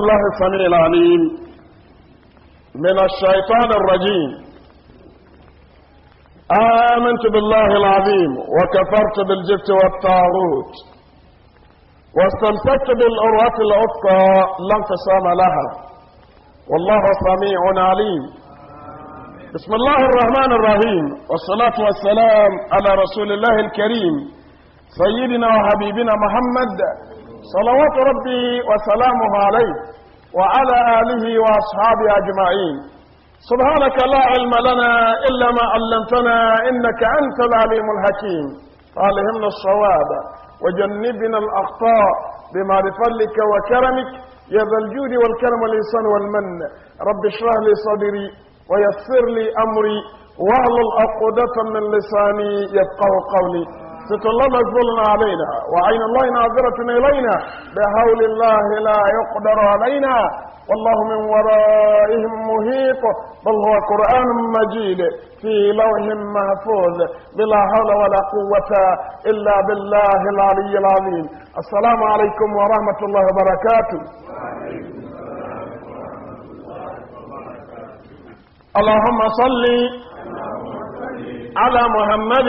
الله السميع العليم من الشيطان الرجيم آمنت بالله العظيم وكفرت بالجبت والطاغوت واستمسكت بالعروة العفقى لا انقسام لها والله سميع عليم بسم الله الرحمن الرحيم والصلاة والسلام على رسول الله الكريم سيدنا وحبيبنا محمد صلوات ربي وسلامه عليه وعلى آله وأصحابه أجمعين سبحانك لا علم لنا إلا ما علمتنا إنك أنت العليم الحكيم فألهمنا الصواب وجنبنا الأخطاء بما لك وكرمك يا ذا الجود والكرم والإنسان والمن رب اشرح لي صدري ويسر لي أمري واهل العقدة من لساني يفقه قولي ست الله مجبول علينا وعين الله ناظرة إلينا بحول الله لا يقدر علينا والله من ورائهم مهيط بل هو قرآن مجيد في لوح محفوظ بلا حول ولا قوة إلا بالله العلي العظيم السلام عليكم ورحمة الله وبركاته اللهم صل على محمد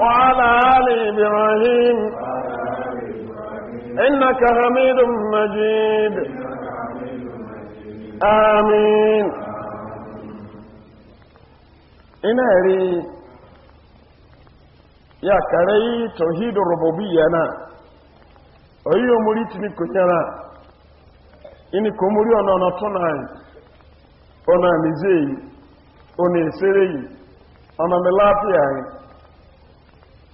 وعلى آل إبراهيم إنك حميد مجيد آمين ina ri ya karai tauhidin rububiyya na oyi omuri tini kunyara ini komuri ona ona tunai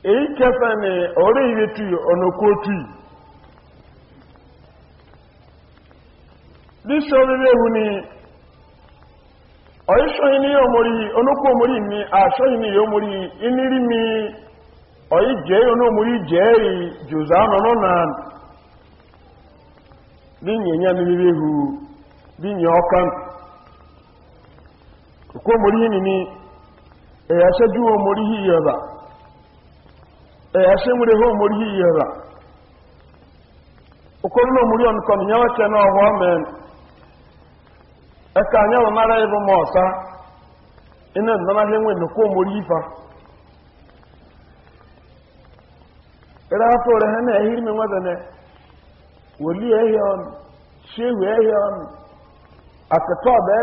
èyí kẹfẹ ni ọ̀rẹ́ ìwé tu ọ̀nà kó tu yìí bísí ọ̀rẹ́rẹ́ ewu ni ọ̀yíṣọ́yìn ní ọmọrí onókó ọmọrí mi àṣọ́yìn ní ọmọrí inírí mi ọ̀yí jẹ́ onómọrí jẹ́ rí jùzá nọ́nà náà bí nyẹ̀nyẹ́ mi bíbí hu bí nyẹ̀ ọkàn kókó ọmọrí yìí ni ẹ̀yà ṣẹ́jú ọmọrí yìí yọba. ẹ̀yàṣẹ́ eh, wúre nwere mórí yìí rà okòrò na mórí ọ̀nìkan na yẹ́wọ́ kẹ́ náà wọ́n mẹ́rin ẹ̀ka àyẹ̀wò nára ẹ̀rọ mọ́ ọ̀sá iná ìdáná lẹ́wọ̀n ìlòkó mórí yìí fa ẹ̀rọ afọ rẹ̀ hẹ́nà ẹ̀hírí mi wọ́n dẹ̀nẹ̀ wòlí ẹ̀hẹ́ ọnụ ṣéwù ẹ̀hẹ́ ọ̀nù àtẹ̀tọ́ ọ̀bẹ̀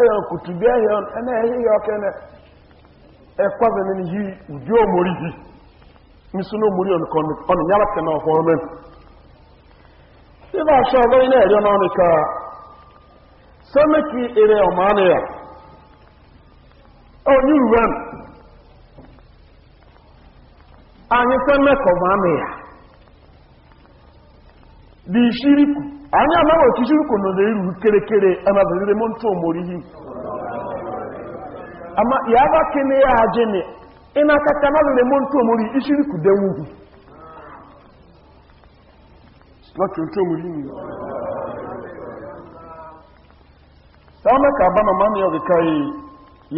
ẹ̀hẹ́ ọ̀nù nsuno muri ọnụkọnụ ọnụ nyara ka na ọfọ ọmụ ịba ọsọ ọgbọ ị na-eri ọnụ ka sọmeki ịrị ọmaanị ya onye uwe m anyị sọmeki ọmaanị ya dị ishiri kwu anyị amaghị otu ishiri kwu kere kere kerekere amabere m ntụ omori ihe ama yaba kene ya ajị ina kaka malu ne mun to muri ishiri ku dan wuhu wato to muri ne sama ka ba mama ne ga kai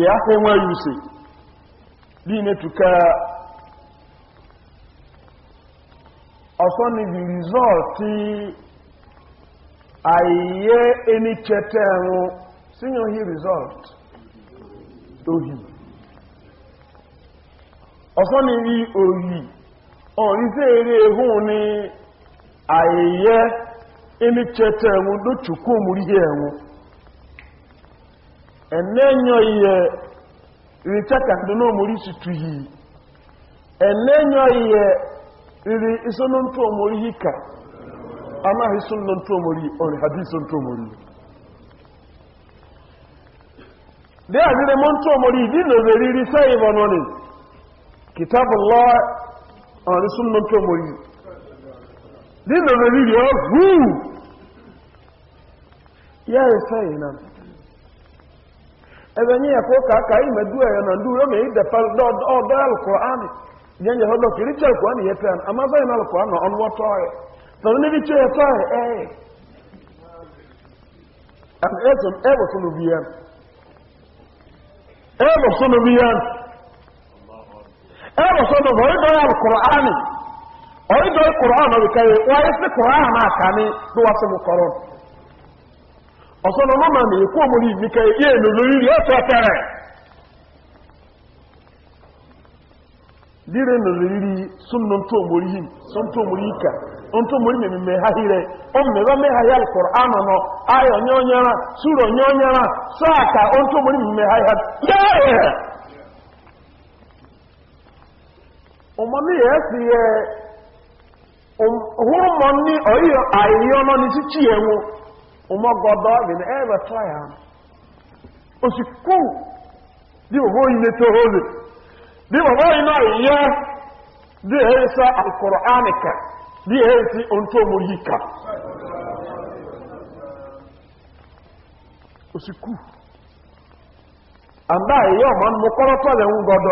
ya akai wa yuse bi ne tuka ọsọ ni the result àìyé ẹni chẹtẹ ẹ̀rùn sínú hí result tó hìí ọ̀sán ni rí òyì ọ̀rísẹ́ eré ehun ni àyẹyẹ emi chẹta ẹ̀wọ̀n lóchùkú òmùrí ẹ̀wọ̀n ẹ̀nẹ́yọ iyẹ riri chakàndó náà òmùrí sì tu yìí ẹ̀nẹ́yọ iyẹ ka isonontu òmùrí yìí kà amáhì isonontu òmùrí ọ̀rìn àbí isonontu òmùrí dẹ́ àdírẹ́mọ́ntú òmùrí ìdí lòzè rírí sẹ́yìn bọ̀nọ́ni kitabu Allah ọ̀rí súnmọ́ tó mọ̀ yìí dínà lórí ya hù yẹ́ ebe ìnà ya ní ka kàákà ìmẹ̀dú ya na ndú yọ́mẹ̀ ìdẹ̀fẹ́ ọdọ́ alùkọ̀ánì yẹ́nyẹ̀ ya kìrí jẹ́ alùkọ̀ánì yẹ́ tẹ́ àmásẹ́ ìnà alùkọ̀ánì ọ̀nwọ́tọ́ ẹ̀ tọ́rọ níbi tí ó yẹ tọ́ ẹ̀ ẹ̀ ẹ̀wọ̀ sọ́nà bí yẹn ẹwọ sọdọ bọ ọdọ ya kùránì ọdọ kùránì ọdọkẹ yẹ wọn yẹ sí kùránì náà kà ní bí wọn kọrọ ọsọdọ ha ọ ha nọ ayọ nyọnyẹra súrọ nyọnyẹra sọ àkà ntọ omori mi mẹ ha yẹ ya yẹ. ọmọdé yẹ fi yẹ ọhúrùmọ ní ọyọ àìyí ọmọ ní títí yẹ wọn ọmọ gọdọ ìbìnà ẹ bẹ tọ yà ó kú bí bàbá yìí lè tó bí yìí náà yẹ bí àkùrọ bí ohun tó yìí kà kú ọmọ lẹ́hún gọdọ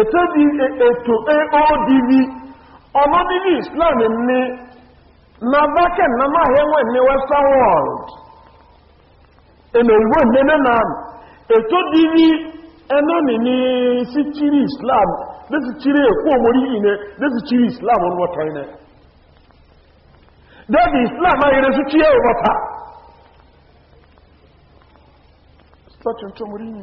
ètò di e, ètò aodv e, ọmọ bíbí islam ní na bákẹ̀ na máa hẹ́wọ̀n ní western world ẹnà ìwò ìmẹ́lẹ́ na ètò dv ẹnà ní ní sí chiri islam lẹ́sì chiri èkó omori ìnẹ́ lẹ́sì chiri islam ọlọ́ta ìnẹ́ dẹ́bì islam ayẹrẹ sí chiri ọlọ́ta Sọ́tún tó mú rí ní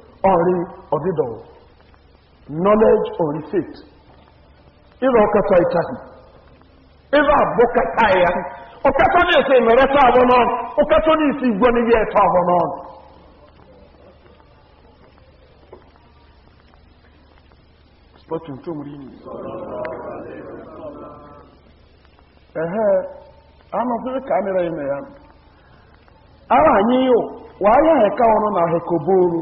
ọrị ọdịdọ knowledge or faith ịrụ ọkata ịchaghị ịrụ abụ kata ya ọkata na-ese mmereta abụ nọ ọkata na-esi igwe n'ihe eto abụ n'ọnụ spọtụ ntụ mụrụ imi ehe anọsịrị ka amịrị ime ya ara anyị yio wa ahịa heka ọrụ na hekoboro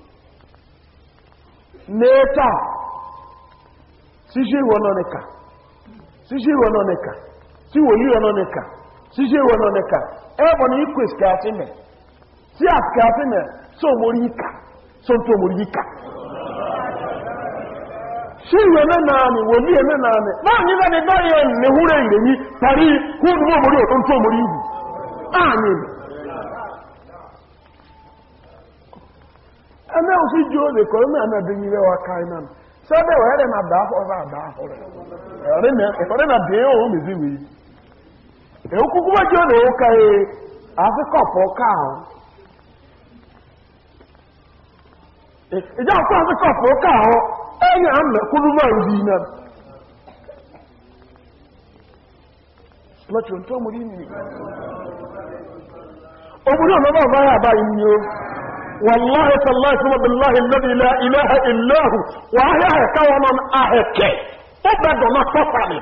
mee taa sisi iwe nọ n'ịka sisi iwe nọ n'ịka si wòlí iwe nọ n'ịka sisi iwe nọ n'ịka ebe na ikwe sikati mẹ si asikati mẹ so omori ika so ntu omori ika si iwe nọ naanị wòlí iwe nọ naanị naanị naanị naanị naanị hụrụ eyiri eyi pari hụ nụ omori otu ntu omori ihu ẹnna ọsì jù ọdẹ kọ ẹnna ẹnna ẹdẹ yìí wá ká iná sọdẹ wọ ẹdẹ náà dàá fọwọ́ náà dàá fọwọ́ ẹ̀rẹ́ náà dé ọ̀hún mi sí wìí èwú kúkú wọ́n jù ọdẹ wọ́n ká ẹ àfikọ̀pọ̀ ká ìjà kúrú náà والله تالله ثم بالله الذي لا إله إلا هو وهي كون أهك أبدا ما تفعل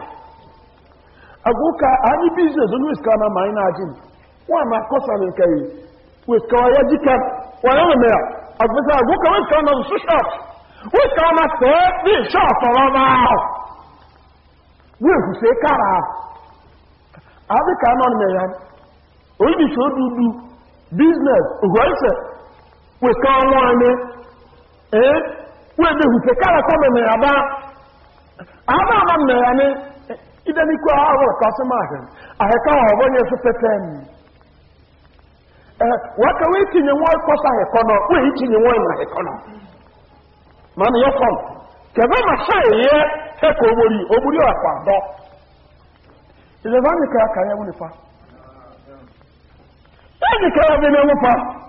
أقولك أني بيزنس نويس كان معين عجين وما قصر الكي ويسكوايا جيكا ويوم ما أقولك أقولك ويس كان نسوشات ويس كان سيدي شاف الله ويهو سيكارا أذي كانون ميان ويدي شو دودو business ògbọ́nsẹ̀ wèkà ọnwụ anyị ee wèdè hùkè káràkọ́ mèmè àbá àbá àbá na ya ní ìdẹ́nikọ́ àwọn kásí máa hẹ̀ àhẹ́ká ọ̀bọ̀ yẹn sọ pẹ́tẹ́ mi wọ́n kà wọ́n ìtìnyẹ wọ́n kọ́sà àhẹ́kọ́ náà wọ́n ìtìnyẹ wọ́n ìmọ̀ àhẹ́kọ́ náà màá nìyẹn fọ́n kẹfẹ́ mà sá èyẹ fẹ́kọ̀ omori ka ya ya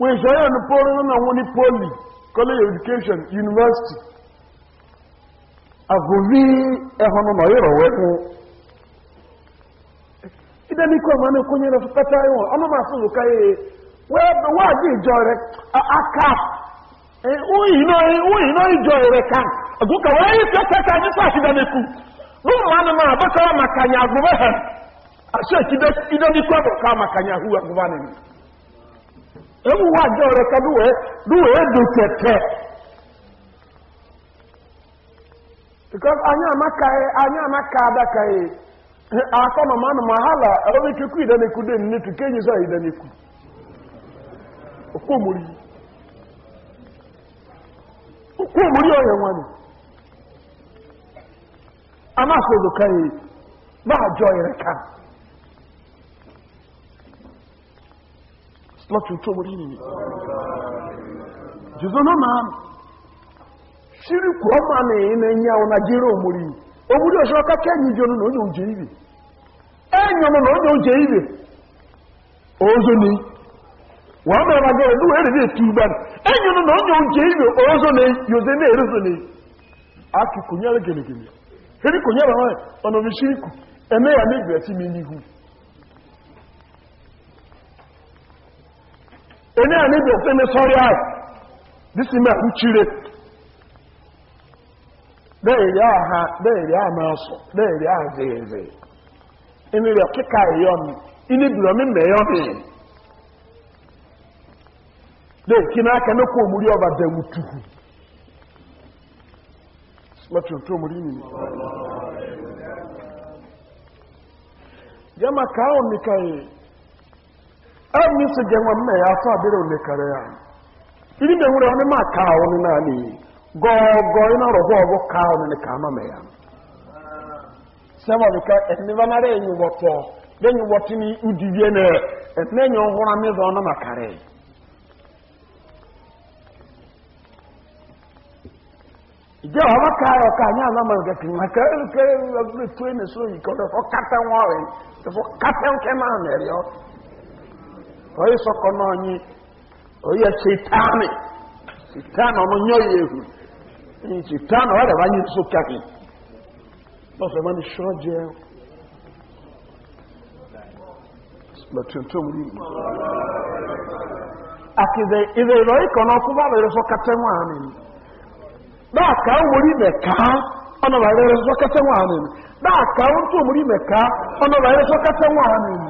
wọ́n ṣe yẹ́ ní pọ́lì nínú àwọn ní pọ́lì college education university àgòrí ẹ̀họ́n náà yọ̀rọ̀wẹ́ fún ìdá ní kọ́ ọ̀mọ́ ní kúnyẹ́ rẹ̀ fún pẹ́tà ẹ̀wọ̀n ọmọ máa fún òkà yẹ wọ́n àjẹ́ aka òyìn náà ìjọ rẹ̀ ká àgùkà wọ́n yí fẹ́ kẹta ní pàṣídà ní kú lóòrùn wọn máa ewu wa jẹ ka duwe duwe edo tẹtẹ because anyị amaka e, anyị amaka adaka afọ e. akọ mama nọ ma ha la ọrụ ikekwu idaneku dị nnetu ka enyi zọ idaneku okwu omori okwu omori ọya nwanyị amasị ozoka ye ma ha ka lọ́tún tó mú nínú jùzọ́nà máa na ọmọ ní iná na ọ̀nà jẹ́rẹ̀ òmúrí òmúrí ọ̀ṣọ́ kákẹ́ ẹ̀yìn jọ nínú oúnjẹ oúnjẹ ibe. Enyo ọmọ na oúnjẹ nje ibe. Ozo ni wọ́n mọ̀ ọ̀nà gẹ̀rẹ̀ lúwẹ̀ èrè tí ìgbà ẹ̀yìn ọmọ nínú nje ibe ozo ni ni ene a n'ebi ọsọ sọrọ ya disi ma nkyire bẹẹ yẹ ọha bẹẹ yẹ amaasọ bẹẹ yẹ azeze ene yẹ keka eyọ mi ine biro kí omuri ọba dẹwu tuhu omuri mi. yamaka ahụ ẹ̀mí sọ̀jẹ̀ gị nwa asọ́ ya òní kẹrẹ yà ìdí mi ndị wọn máa ká ọ ní náà nìyí gọ́ọ̀gọ́ iná rọ̀bọ̀ ọ̀bọ̀ ka ọ na ká má mẹ́yà. sẹ́wọ̀n nìkan ẹ̀mí bá náà ẹ̀yìn wọ̀tọ̀ lẹ́yìn ní náà ìjẹ́ ní ẹ̀rù kẹ́rẹ́ ẹ̀rù oyi sɔkɔ n'ɔnyi oyi ɛsitani sitani ɔno nyɔ yehu sitani ɔyɛ dɛbɛ anyi so kahi lɔsɛ mani ni sɔɔjɛ lɛ tuntum ri mu ati de ìdè ìlọyìn kan náà kó bá lè sọ kẹtẹ wọn àná ni báà ká wòlí mẹka ọ̀nà bàá lè sọ kẹtẹ wọn àná ni báà ká wọ́n tó wòlí mẹka ọ̀nà bàá lè sọ wọn àná ni.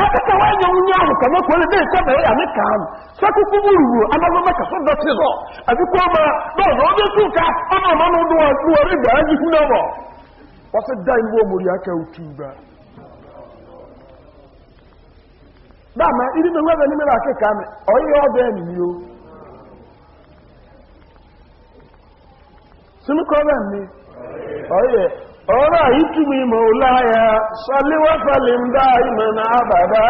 akaka wa nyɛ ahụ ka mekwa ne dee na ya ne ka ano sɛ gburugburu wuruwu anagbe so dɔte hɔ abi kɔ ma dɔɔdɔ ɔbɛ su ka ɔna ɔma omori aka otu dama iri na nwa bɛni mera akeka mi ɔyɛ ɔbɛ ni o sinu kɔ bɛ ni ọ̀rọ̀ àyíkìwì mọ̀ láyá sọlíwọ́sọlìm dáìmọ̀ náà bàbá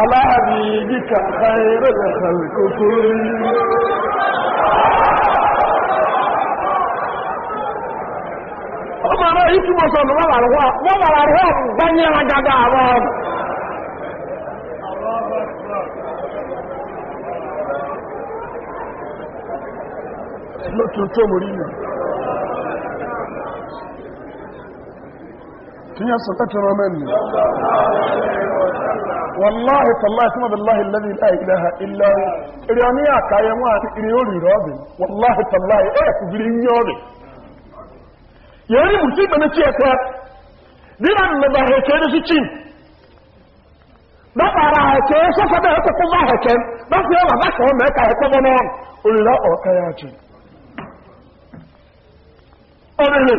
aláàbí díkà ẹ̀rẹ́lẹ̀ kòkó rí ọmọ ọ̀rọ̀ àyíkìwì sọ̀rọ̀ wọ́n wà rọ̀ gbányẹ́ra gada àwọn ọmọ lótútó mú rí náà تنيا ستتنا مني والله تالله ثم بالله الذي لا اله الا هو اريانيا كايما اريوري رابي والله تالله ايه تجري يوري يعني مصيبه نتي اكو دي انا ما بحكي لك شيء bákàrà ẹ̀kẹ́ sọ́fọ́dọ̀ ẹ̀kọ́kọ́ bá ẹ̀kẹ́ bá fi ọwà bá kọ́ mẹ́ka ẹ̀kọ́ bọ́ náà orílẹ̀ ọ̀kẹ́ yá jù ọ̀rẹ́lẹ̀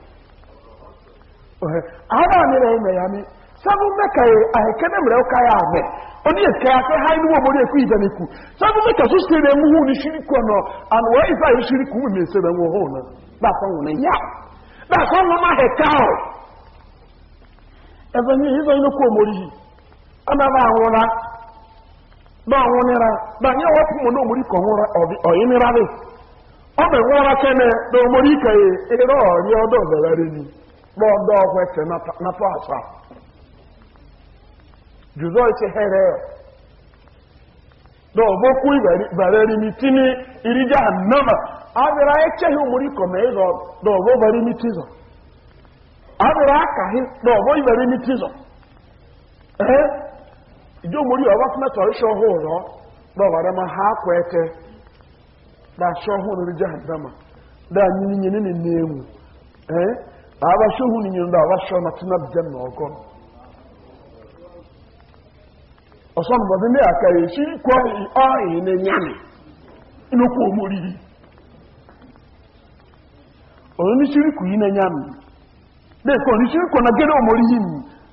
ahara e, anyị mere amị sábú mẹ́ka yẹ àyẹ̀kẹ́ mẹ́mìrẹ́ ọ̀ka yẹ àgbẹ̀ oní ẹ̀kẹ́ akẹ́ ha inú wọ́n mọ̀rẹ́ ẹ̀kú ìdẹ́ni kú sábú mẹ́ka tó ṣe rẹ̀ múhù ní ṣíríkù ọ̀nà àná wọ́n ìfà yìí ṣíríkù mú mi ṣe rẹ̀ wọ́n hàn náà báàkọ́ wọn ní yá báàkọ́ wọn má ẹ̀ka ọ̀ ẹ̀fẹ̀ ní ìfẹ́ inú kú òmòrì yìí ọ̀nà bá àwọn ra bá àwọn ọ bọ́ọ̀dọ́ ọ̀họ́ ẹ̀fẹ̀ napọ̀ na jùzọ́ ìṣe hẹ́rẹ́ ẹ̀ dọ̀ọ̀bọ́ kú ìbẹ̀rẹ̀ rí mi tí ní ìríjà náà abẹ́rẹ́ ẹ̀kẹ́hì na kọ̀mẹ́ ìzọ dọ̀ọ̀bọ́ bẹ̀rẹ̀ mi tí zọ abẹ́rẹ́ ma ha abashohu ni nyina abasho na tena e, na ogo osan bo ni aka yi si ko o ni nyame ino ko muri o ni siri ku ina nyame de ko ni siri na gele o muri yin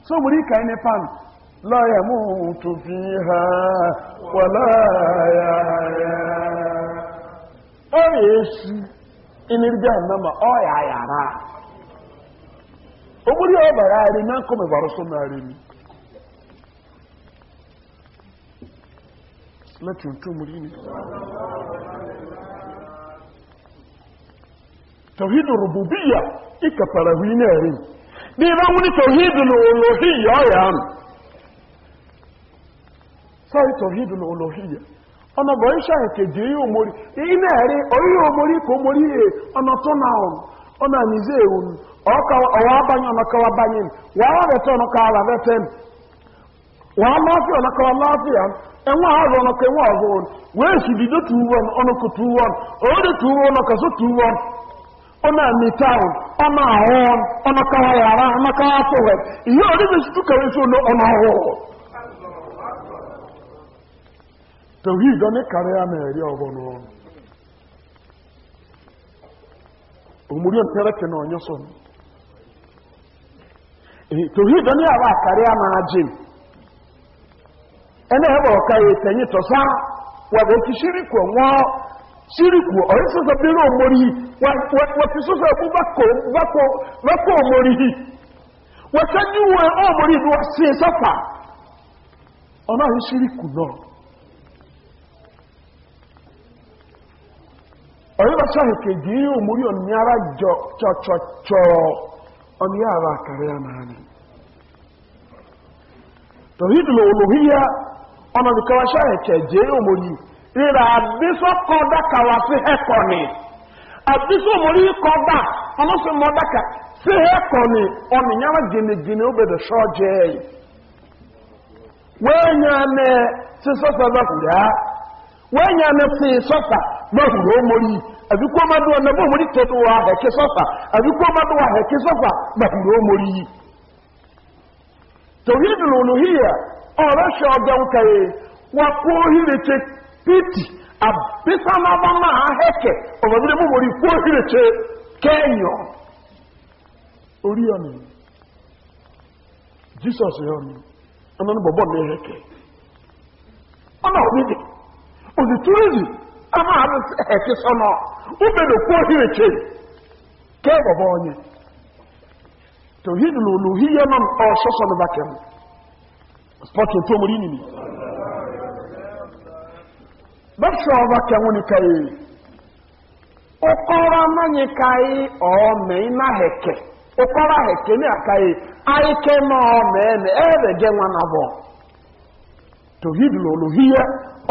so ne pan la ya mu tu ya ya nama o ya yara omori bara arị na bara mebara na narị mi láti òtún omori ni tọ̀hídù rùbùbíyà ìkàpàrà hu iná ẹ̀rí bí i bá wú ní ya. olóhíyà ọ̀yà àmì sọ́rí tọ̀hídù olóhíyà ọ̀nà bọ̀ ń ṣàìkèjì omori iná ẹ̀rí orí omori ọna nize ewu nu abanye ọnọkọwa na wàá bẹtẹ ọnọkọ ọ na wàá lọfíà ọnọkọwa lọfíà ẹwọn ahọ ọnọkọ ẹwọn ọhọ ọnọ wọ́n èsì dìde tu wọn ọnọkọ tu wọn ọwọ́dẹ tu wọn ọnọkọ so tu wọn ọna mitaun ọna ahọn ọnọkọwa yàrá ọnọkọwa ìyá ìdọ́ni àmì ẹ̀rí omuri ontereke na onyoso tohid onye aba akarịa na ajị ene ebe ọka ya etenye tọsa wada eki shirikwo nwụọ shirikwo onye sosa wa omorihi wata sosa bụ bako omorihi wata nyiwe omorihi wa si safa ọnaghị shirikwu nọ ọ̀rẹ́bà sáà kejì yóò múrí ara jọ chọ̀chọ̀chọ̀ ọ̀nì ara kàrí àmàánì tọ̀hídùlò olùhíyá ọ̀nà ìkọwà sáà kejì adịsọ múrí rírà àbísọ́kọ̀ dákàwà sí ẹ̀kọ́ ni àbísọ́ múrí kọ́dà ọlọ́sọ̀mọ́ dákà sí lọ́kùnrin ó mórí àbíkú ọmọdún ọ̀nà bó mórí tó wà ẹ̀kẹ́ sọ́fà àbíkú ọmọdún wà ẹ̀kẹ́ sọ́fà lọ́kùnrin ó mórí yìí torí ìdùnnú híyà ọ̀rẹ́ ṣe ọjọ́ ń kẹrẹ kó hírèche pìtì àbísánábá máa ọ̀rọ̀dúnlé mórí kó kẹ́yọ̀ orí ọ̀nà jesus ọ̀nà bọ̀bọ̀ ní ọ̀nà ama ahụ eke sọ nọ ubere kwu ohiri che ke bọbọ onye tohidul uluhiyya nọ ọsọsọ nọ bakem spọtụ to muri nini bafsọ bakem ni kai ukọrọ e. manye kai e, ọ mee na heke ukọrọ heke ni e, akai aike ma ọ mee na ebe gị nwa na bọ tohidul uluhiyya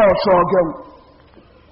ọsọ gị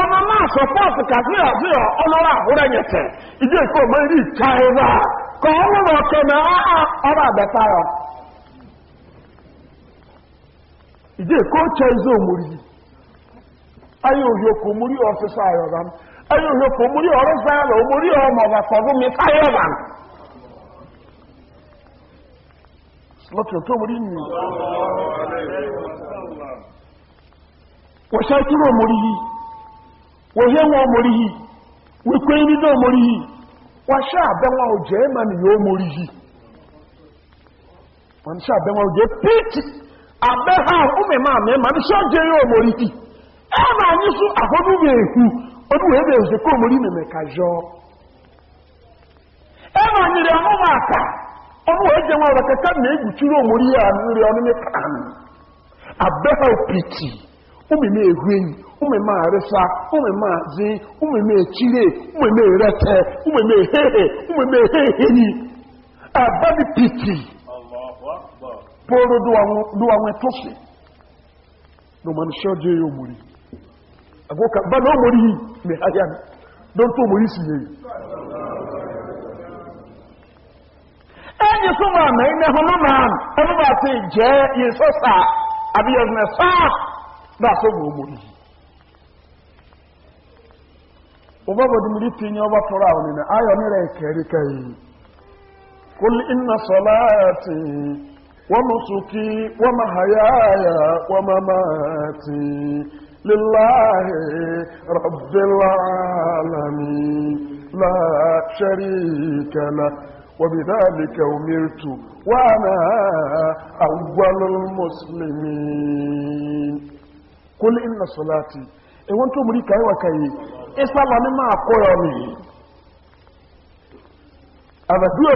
ọmọ máa sọ pọ́ọ̀sì kàfíà ọlọ́rọ̀ àhúrẹ́ yẹ̀tẹ̀ ìdí èkó mọ́ irí ìka ẹwà kọ ọlọ́rọ̀ ọ̀kẹ́mẹ́ ọ̀rọ̀ àbẹ̀fà rọ ìdí èkó chẹ izo òmùrí ayé òhì okò múrí ọ̀sísọ ayọ̀bá ayé òhì okò múrí ọ̀rọ̀ sáyẹ̀lọ̀ òmùrí ọmọ ọ̀bà mi yìí wòye wọn mori yìí wípé nínú mori yìí wọ́n ṣe àbẹ́wọ̀n òjẹ́ ẹ̀mà ni yóò mori yìí wọ́n ṣe àbẹ́wọ̀n òjẹ́ píìtì àbẹ́hà ọmọọmọ àmì ẹ̀mà ní ṣọ́ọ̀jẹ́ yóò mori yìí ẹ̀mà ní sún àfọ́dúnwé èkú oníwèé bẹ̀rẹ̀ ṣe kó mori mímẹ̀ kájọ́ ẹ̀mà nyèrè ọmọ rẹ̀ kẹ́kẹ́ umeme ehwenyi umeme arịsa umeme azị umeme echire umeme erete umeme ehehe umeme ehehenyi abadi piti poro duwanwe tosi domin shoje ya omori agoka ba na omori yi mai ahịa don to omori si yi ẹni súnmọ̀ àmì ẹni ẹ̀họ́nà náà ẹni bá ti jẹ́ yìí sọ́sà àbí ẹ̀sìn ẹ̀sáà قل إن صلاتي ونسكي ومحياي ومماتي لله رب العالمين لا شريك له وبذلك أمرت وأنا أول المسلمين kul inna salati e won to muri kai wa kai e sala ni ma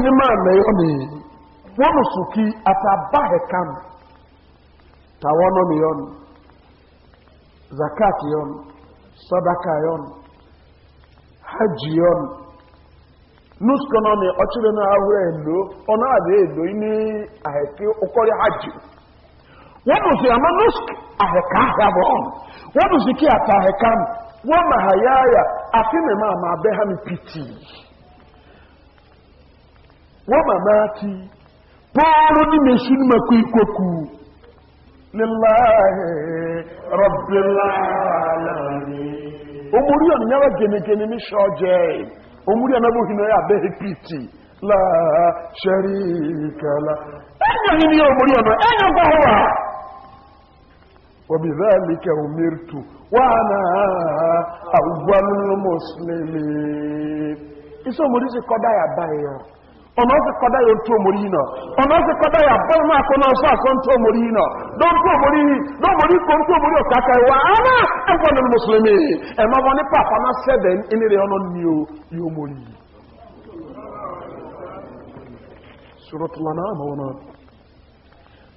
ni ma me yo ni won suki ataba he kam ta zakat yon sadaka yon hajj yon nuskono ni ochire na awure elo ona ade elo ni hajj wabuzi amanusk aheka ahabon wabuzi ki ata ahekam wamahayaya afime ha m piti wamamati pooro ni mesu ni mako ikoku lilahi rabbilalamin omori ọ̀nà yàrá gẹ̀nẹ̀gẹ̀nẹ̀ ní ṣọ́jẹ́ omori ọ̀nà bóhin na abẹ́ piti láà ṣẹ́ríkàlá ẹ̀yàn omori وبذلك أمرت وأنا أول المسلمين iso omori si kɔda ya ba yi o ɔna ɔsi kɔda ya otu omori yi nɔ ɔna ɔsi kɔda ya ba yi n'akɔ n'ɔsɔ asɔ ntu omori yi nɔ n'otu omori yi n'omori ko ntu omori ɔkaka yi wa ana ɛfɔ ne musulumi ɛna wɔn ne papa na sɛ dɛ ɛnere ɔno ni o yi omori yi. suratulana ama wɔn na.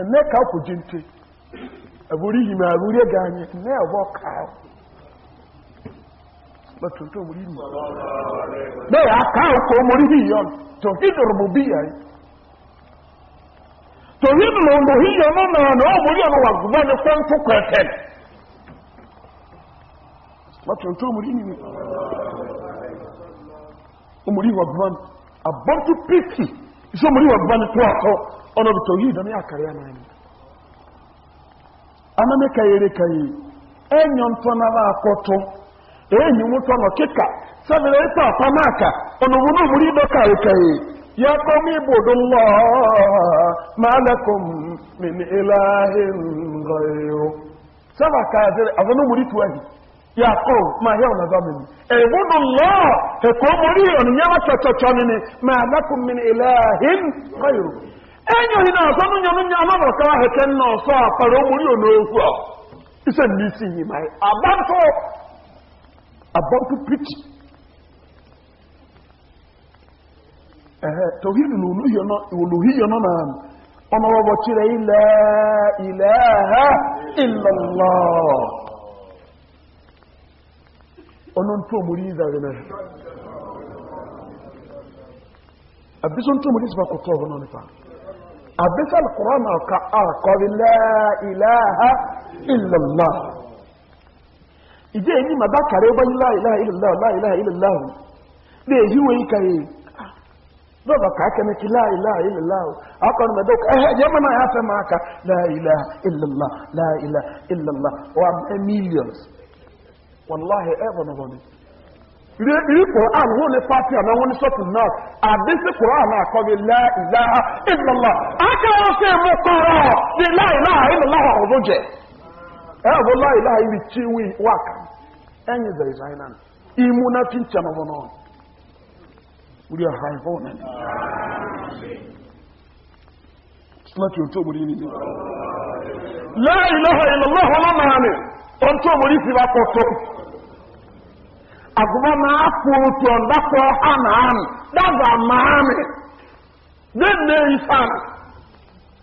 ɛnɛ ka kò gye nte aburi yi mu aburi ega anyi ɛnɛ ɛwɔ kaa bɛ tuntun wuli mu bɛ yà kaa kò mori hi yɔ tòhi dòròmò bi yà yi tòhi dòròmò hi yɔ no nà nà ɔmò yà no wà gbogbo ne fɛn tó kɔ ɛtɛ bɛ tuntun wuli mu ɔmò yi wà gbogbo abɔntu piti sɔmò yi wà gbogbo ne tó akɔ ọ̀nà bìtọ̀ yìí dọ̀mí àkàrẹ́ àmà ni anámẹ́ka eré kàyé ẹ̀yọ̀ ntọ́ náà akọ́tọ́ èyí ń tọ́ nọ kíkà sábẹ̀rẹ̀ ẹ̀tọ́ àpámáàkà ọ̀nà òun náà múrí dọ́kà kàyé yà kọ́ mí ibùdó lọ màálẹ́kùn mi ní ìlàhí ńgọ̀ èrò sábà kàyàdẹ́rẹ́ àwọn náà múrí tuwa yìí máa yẹ ọ̀nà bá mi ni ibùdó lọ ẹ̀kọ́ múrí ọ̀nà yẹ́wọ́ tọ̀tọ̀tọ̀ ni màálẹ́kùn mi ní ìlàhí enyo hina ọsọ nunyo nunyo anabọsọ ahẹkẹ nna ọsọ apara omori onofu ọ isẹ nisi yi ma ye abanto abanto piti ẹhẹ tọhídù olùhíyọ náà nà ọmọ wọwọ kyerẹ ilẹ ilẹ ẹhẹ ilọlọ ọnà ntọ omori ìzàrin náà àbísọ ntọ omori ìzàrin kọtọ ọhún náà nípa. أبس القرآن أقاب لا إله إلا الله إذا إني ما ذكر يبني لا إله إلا الله لا إله إلا الله ليه هو يكري ذبك عكمك لا إله إلا الله أقول ما دوك أه، يا يمنا يافا معك لا إله إلا الله لا إله إلا الله وعم مليونز والله أيضا نظامي rí quran wọn ní fati àná wọn ní sọtù náà àdínsí quran àkọwé láìláha ìlọlá á ọ̀rọ̀ sí mú kọ̀rọ̀ sí ìlú láwọ̀ ọ̀rọ̀ jẹ ẹ̀rọ láìláà ìlú na wí wákà ẹ̀yìn zẹ̀ ìsáyìn náà ìmú náà ń náà náà nínú ìlú náà ni bá tó na-apụrụ tụọ ndakọ na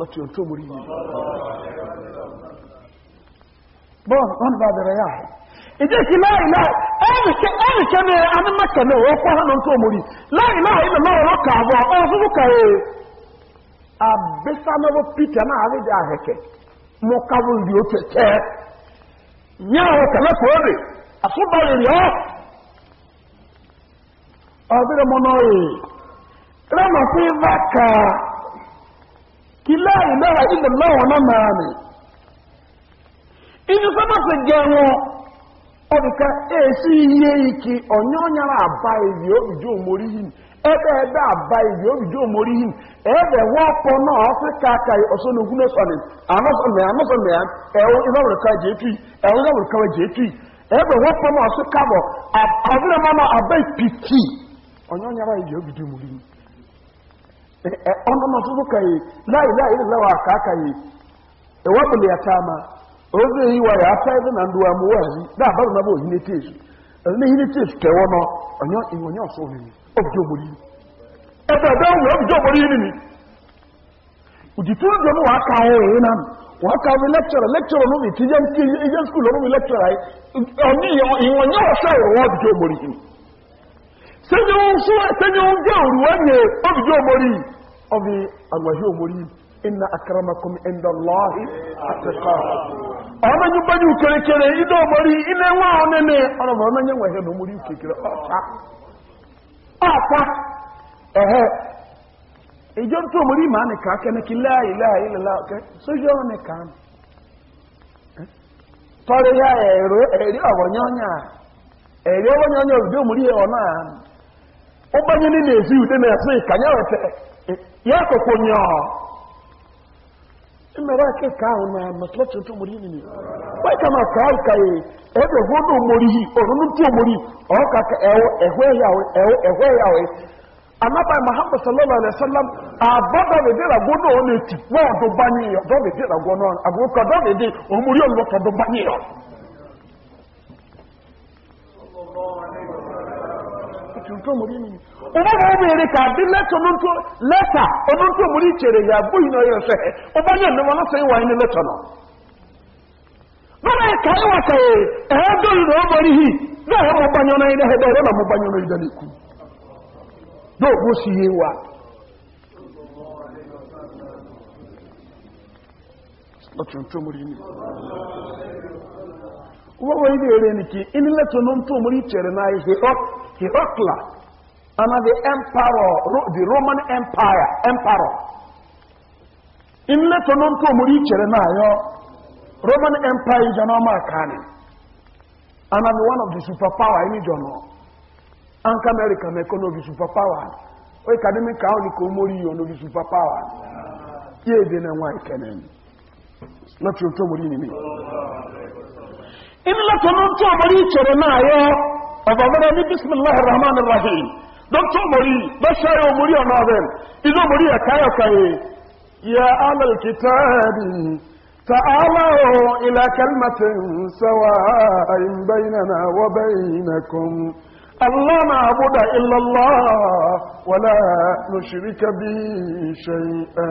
láti ọ̀tọ́ mú rí ní bọ́ọ̀n wọ́n bá bẹ̀rẹ̀ yá ìdí ìsì láìláà ẹ̀rìkẹ́ ní anímọ̀kẹ̀ ní ọwọ́ pọ́ hánà tó mú rí láìláà ilẹ̀ náà wọ́n kààbọ̀ ọ̀rọ̀ fúnfú kààyè àbísánáwó peter náà àríjà àhẹ̀kẹ̀ mọ́ káwọn ìdí ó tẹ̀tẹ̀ nyẹ́ àwọn kẹlẹ́ kò rè àsúbàlẹ̀ rẹ̀ ọ́ ilá ìlàhà ilẹ̀ láwọn náà máa nì inú sábà ti gẹ̀rún e èsì iye ike ọ̀nyọ́nyára àbá ìwé òbìjó òmórí yìí ẹ̀bẹ̀ ẹ̀bẹ̀ àbá ìwé òbìjó òmórí yìí ẹ̀bẹ̀ wọ́n ka náà ọ̀sẹ̀ káàkà ọ̀sọ́nogún náà sọ̀nì ànọ́sọ̀nì náà ìpìtì òmórí yìí ọmọ masu ka yi la'ila lawa ka aka yi ewepụlụ ya tama ozi yi wa ya afa ebe na nduwa mu wazi na bo hine tesu ne hine tesu kewo no onyo onyo so ni ogbori bori ebe ebe wo objo bori ogbori uji tu jo no wa ka o e na wa ka bi lecture lecture no sẹ́yìn ohun sún sẹ́yìn ohun jẹ́ òrùwá yẹ ọbì jẹ́ òmórí ọbì àgbàṣẹ́ òmórí iná akaramakom ẹ̀ndọ̀lọ́hì àtẹ̀kọ́ ọmọ ẹni bá yóò kérékéré idọ́ òmórí iná ẹwà ọ̀nẹ́nẹ́ ọlọ́mọ ọmọ ẹni wọ̀nyẹ́ ní òmórí kékeré ọ̀tá ọ̀tá ụgbanye ndị na-ezi ude na-esi ka e, ya weta ya akụkụ nyọọ mere aka ka ahụ na matlọtụ ntụ mori nini wee ka ma ka ka ebe e hụ na omori hi ọrụnụ ntụ omori ọka ka ewe e ya ewe ehwe ya we anaba muhammad sallallahu ka ka ụmụ mu rini uba ka di letter no chere ya bụghị ino yo se ụmụ ni no ni letter nọ. no ka yi wa sai e do ni no na he mo banyo na na mo banyo na ihe ni si wọ́wọ́ ilé eré ni kí inílẹ̀ tó ló ń tó múrí ana the emperor the roman empire emperor inílẹ̀ tó ló ń tó múrí ìtẹ̀rẹ̀ roman empire ìjọ náà máa kà ní ana the one of the super power ní ìjọ náà anka america na ní obi super power ó ìkàdé mi kàá ní kò mórí yọ ní obi super power Ihe dị na àìkẹ́ ekele. ní lọ́tí ó tó múrí إلا تنون تعمري ترنا يا أبابرني بسم الله الرحمن الرحيم دون تعمري بس يا أمري إذا أمري أكاي أكاي يا أهل الكتاب تعالوا إلى كلمة سواء بيننا وبينكم ألا نعبد إلا الله ولا نشرك به شيئا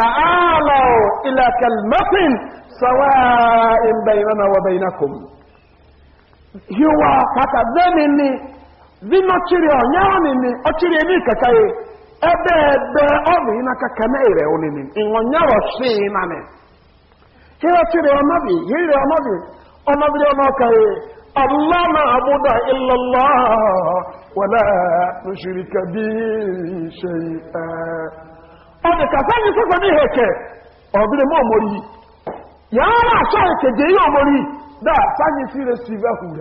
تعالوا إلى كلمة سواء بيننا وبينكم هو فتذنني ذن أتري أنيانني أتري أنيك كي أبدا أبينا ككميرة أنيني إن ونرى شيئا هي أتري أمبي هي أمبي أمبي أمبي الله ما عبد إلا الله ولا نشرك به شيئا ọmọ kàfẹ́ ní sọ́sọ́ n'ihe hẹ̀kẹ́ ọ̀bìnrin mọ́ ọmọ yìí yàrá náà sọ ìkẹjẹ yìí ọmọ yìí dáa sáyé sí rẹ̀ sí rẹ̀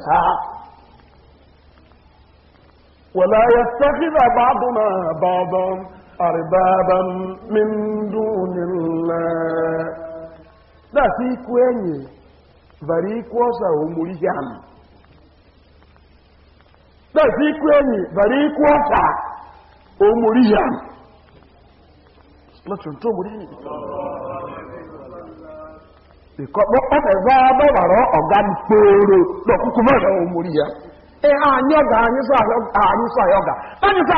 lọ́tún tó múrí ní ìkọ́pọ̀ ọ̀fẹ́ bọ́bàrọ̀ ọ̀gá ní pòòrò lọ́kùnkù mọ́rẹ̀ ohun múrí ya ẹ àyọ́gà àyíṣọ́ àyọ́gà láyíṣọ́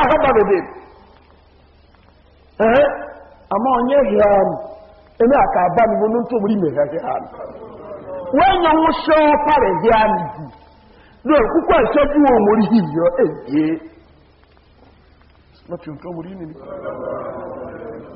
àyọ́gà bèbè ẹ́ àmọ́ ọ̀nyẹ́ ìhàn ẹni àkà bá wọn tó múrí mẹ́rẹ̀ ìhàn wọ́n yọ wọ́n ṣọ́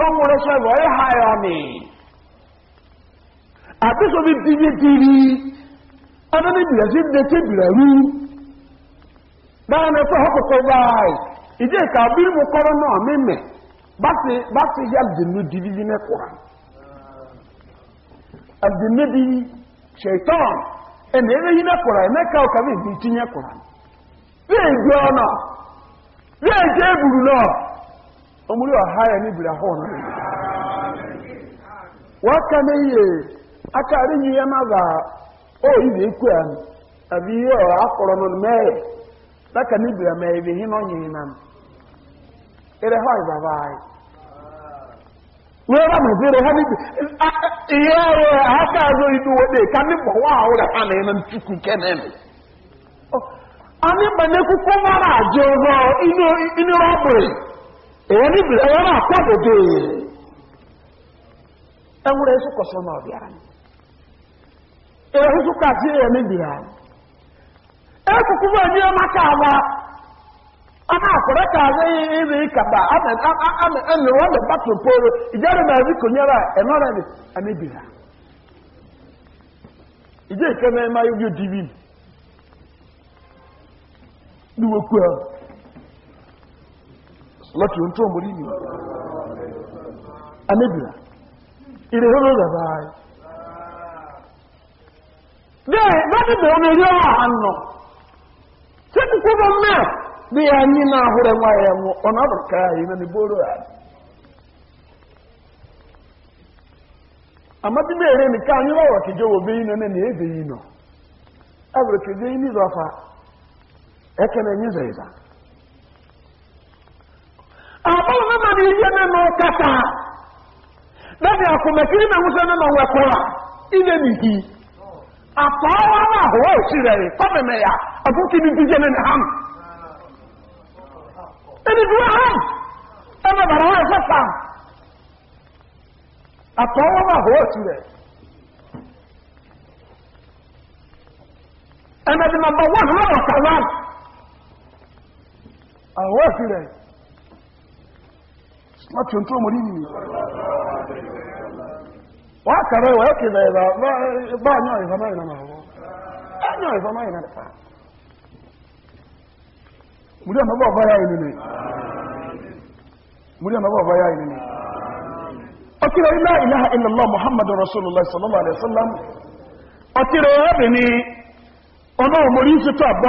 lọ́kùnrinṣẹ́ lọ ẹ́ ha ẹ̀ ọ̀nì àbísọ̀ bí bíbítìrí ọdún ìbìlẹ̀ sí dẹ̀tí ìbìlẹ̀ rú dáhùn ẹ̀fọ́ ọkọ̀kọ̀ báyìí ìdí ìka bí mo kọ́rọ́ náà mímẹ̀ bá ti yá dìnnú dìbí yín mẹ́kọ̀ọ́ àdìnnú bí ṣètọ́n ẹ̀nà eré yín mẹ́kọ̀ọ́ ẹ̀mẹ́ka ọ̀kà bí ìdí tí yẹn kọ̀ọ́ bí èjì ọ̀nà bí èjì èbùrù náà omuri ọha ya n'ibiri ahụ ọnụ waka ihe aka rinyi ya maza o ibe ekwe ya abi ihe ọ akọrọ nọ mee daka n'ibiri ama ebe ihe nọ nyere na ere ha ibaba anyị wera mu zere ha n'ibi ihe ọrụ aka azụ idu wode ka ndị gbọwa ahụ da ha na-eme ntuku nke na-eme oh, anyị banye kwukwo mara ajọ ọzọ ịnụ ọgbụrụ èyàn ní ìbìlẹ̀ ẹ̀yàn máa pọ̀ dòdò ẹwúrẹ́ ẹ̀sùn kọ̀sọ́ náà bí ara ẹ̀yàn kàtí ẹ̀yàn níbi ha ẹ̀ kúkú bá ní ọmọ káàbà ọmọ àkọ́rẹ́ káàbà ìrìn ìkàbà ẹnìwọ́ bàtò polo ìjẹ́rì náà rí kò ẹ̀nà rẹ̀ ní ìjẹ́ ìkẹ́ máa yóò lọ́kì ohun tó mọ̀ rí nìí anébìrà ìrẹ̀hẹ́ ló ọ báyìí bẹ́ẹ̀ bẹ́ẹ̀bẹ̀ ọmọ ilé ọmọ àánà tí kúkú bọ́ mẹ́ bí i anyi náà húrẹ̀ wá ẹ̀wọ̀n ọ̀nà àbùkà yìí ní bóró rà àmọ́bí bẹ́ẹ̀rẹ̀ nìkan ní wọ́wọ́ kìjọ wò bẹ́yìn náà ní yìí kìjọ yìí ní ìzọ́fà ẹ̀kẹ́ ọmọ mmadụ ihe nọ n'ụkata nabi akụmekiri na nwụsị nọ ahụ ọ chirere kọmeme ya ọbụkị ndị je na ham ndị duwa ham ebe bara ha efe fam apa ọwara ahụ ọ chirere ẹnẹdìmọ̀ bọ̀ wọ́n wọ̀ wọ́n tún tó mọ̀ nínú wọ́n kàrẹ́ wọ́n kìlẹ̀ ìbá bá na ọ̀rẹ́fà máa ìrìnà àwọn ní ọ̀rẹ́fà máa ìrìnà pa múlẹ̀ mọ́bọ̀ bá yá ìrìnà múlẹ̀ mọ́bọ̀ bá yá ìrìnà ọkìlẹ̀ ilá ìlàhà ilẹ̀lọ́ muhammadu rasulullah sallallahu alaihi wasallam ọkìlẹ̀ ọ̀rẹ́bìnrin ọ̀nà òmòrí ìsìtọ̀ aka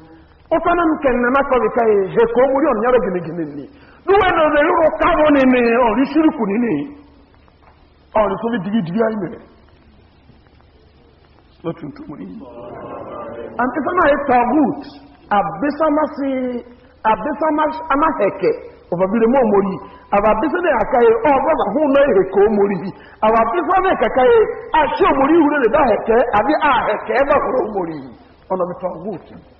ofana na nasabi kai heko muri on nyaro gine gine ni duwe no ze ro kabo ni ni o ri shiriku ni ni o ri so bi digi digi ai me lo tun tu muri an isama e tagut abisama si abisama ama heke o ba bire mo mori aba na ne akai o ba ba hu na heko mori aba bisa ne kakai a sho mori hure da heke abi a heke ba ko mori ono bi tagut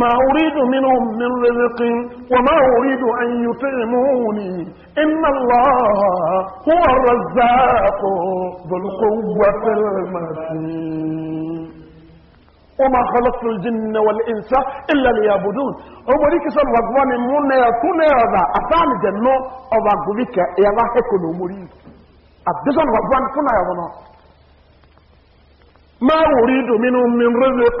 ما أريد منهم من رزق وما أريد أن يطعموني إن الله هو الرزاق ذو القوة المتين وما خلقت الجن والإنس إلا ليعبدون أوليك صلى الله من يكون هذا أفعل أو أبا يا الله حكم مريد أبدأ ربان كنا يا ما أريد منهم من رزق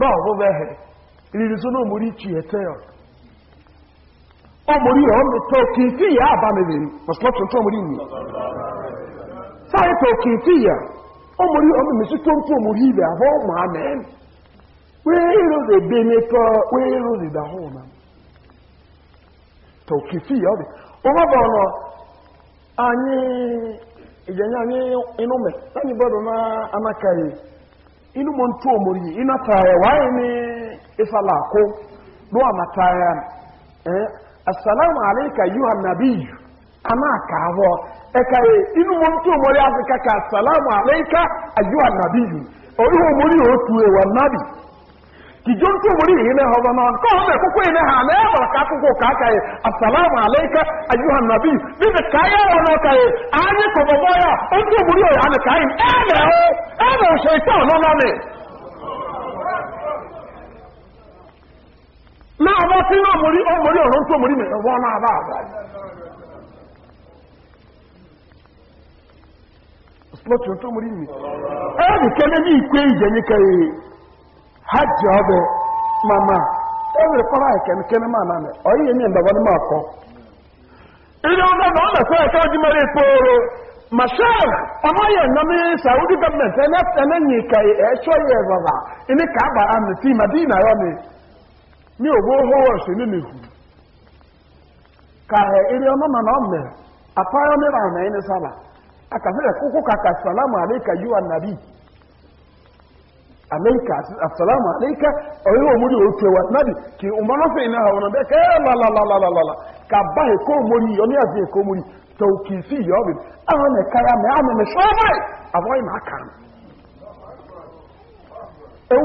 Baa bó bẹ́ẹ̀ hẹ̀ ìrírí sọ náà mo rí ẹ̀tẹ́ ọ̀ ọmọ rí ọmọ tó kìí tí ìyá àbámi rè ní mọ̀sílọ́tún tó ọmọ rí mi sáré tó kìí tí ọmọ rí ọmọ mi sí tó tó ọmọ rí àbọ̀ ọmọ wéèrò lè wéèrò lè dà hó anyị anyị inú mẹ́ bọ́dọ̀ inu mo ntu omori ina taya waye ni ifala ko do amataya eh assalamu alayka ayuha nabiy ana kawo e kai inu mo ntu Afrika afika ka assalamu alayka ayuha nabiy oru omori o tuwe wa nabiy tijo ntu omori yi ne hɔbɔ na kɔ ɔbɛ ha ne yɛ ka kaa koko ka ye asalaamu aleika ayuha nabi bi ka ye anyi kɔbɔbɔ yɛ ntu omori yɛ ani kaa yi ɛnɛ o o na ɔbɔ ti na o omori ɔrɔ na mi ikwe ji ọbẹ mama ẹwìrì kọ́ra ẹ̀kẹ́nikẹ́ni máa nà mẹ́ ọ̀yẹ́ yẹn ní ìdàgbọ́ ni máa kọ́. ilé ọgbà náà ọ̀nà fún ẹ̀ka ọdún mẹ́rin pòórò mashal ọmọ yẹn nọ ní saudi gọọmenti e ya ịnị ka ni e, na ọ nari. alaika assalamu alaika ọ̀rẹ́ òmúrí òkè wà náà kí ọmọlọ́fẹ́ iná àwọn ọ̀nà bẹ́ẹ̀kẹ́ lálálálálálá kàbá ẹ̀kọ́ òmúrí yọ ní àti ẹ̀kọ́ òmúrí ewu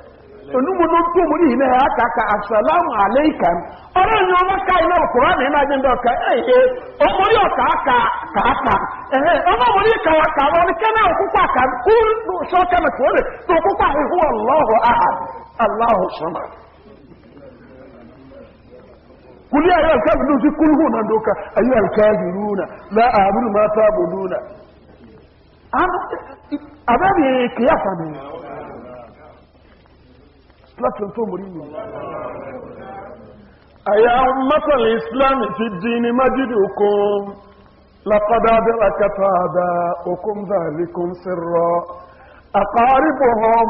onumu no ntu mu yi ha aka ka assalamu ọrọ ni ọmọ ka iná ọkùnrin àmì iná jẹ ndọka ẹyẹ ọmọdé ọka aka ka aka ẹhẹ ọmọ ọmọdé ka wa ka wọn kẹ aka kú sọ tó lè tó kuli ayi na ayi ma láti tó mú rí mi. àyà mọ́tàlì ìsìláàmù ti di ní májídì okun lápádá bẹ́rẹ̀ kẹta àdá okun أقاربهم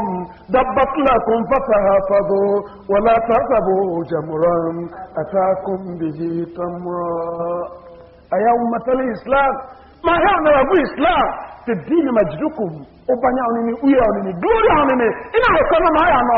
دبت لكم فتهافضوا ولا تذبوا جمرا أتاكم به تمرا أيا أمة الإسلام ما يعني أبو إسلام في الدين مجدكم أبنى عنيني أويا عنيني دولي عنيني إنا هكذا ما يعني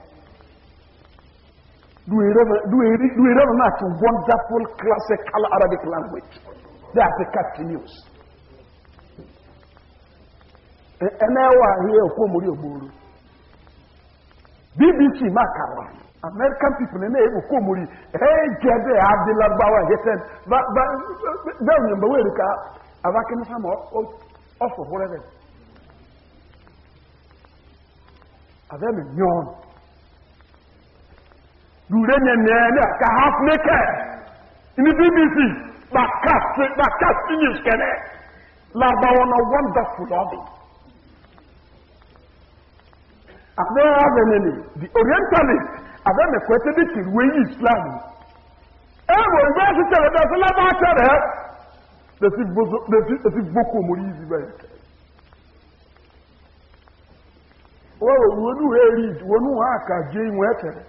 do a reverend, do a, do a reverend wonderful classical Arabic language. That's the catchy news. Ẹnẹ́wà e, e ahìyẹ òkú òmùrí ògbòrò. BBC Makawa, American people Hey, ẹnẹ́ èyí òkú òmùrí. Ẹ jẹ́ bẹ́ẹ̀ Adélárúbáwá ẹ̀yẹ́sẹ̀. Bẹ́ẹ̀ ni ìgbàwé èrìkà Abákẹ́nífàmù ọ̀fọ̀ fúrẹ́rẹ́. Àbẹ́mi yọ̀ọ̀nù. lure nyɛnɛɛnɛ ka half naked ní bbc na cast na cast news kɛnɛ labawo na wonderful ɔbi abẹ́rẹ́ di the orientalist abẹ́nẹ́ kwẹ́tẹ́ ní kìrìwé yìí islam ẹ̀rọ ìgbẹ́ ṣiṣẹ́ rẹ̀ bẹ́ẹ̀ sọ́lá bá ṣẹ́ rẹ̀ lẹ́sí gbókò mórí yìí bẹ́ẹ̀ wọ́n wọ́n wọnú ẹ̀rí wọnú àkàjẹ́ ìwọ̀n ẹ̀tẹ̀rẹ̀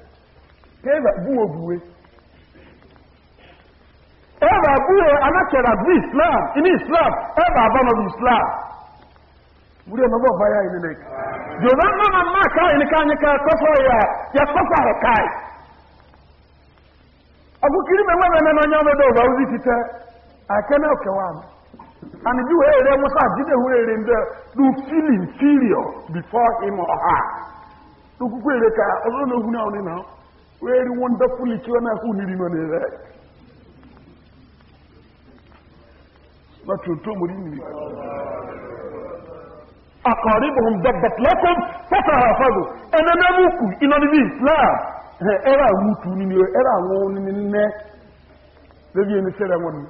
eva buo buwe eva buwe bu islam ini islam eva bu islam faya ni nek mma ka ini ka anyị ka kọfọ ya ya kọfọ ahụ kai and you who in do feel inferior before him or her. I don't know who now. very wonderfully kiwana kuniri no nere batu to muri eh, ni dabbat lakum fatahafadu ana namuku ina ni islam era mutu ni era won ni ne lebi ni sera won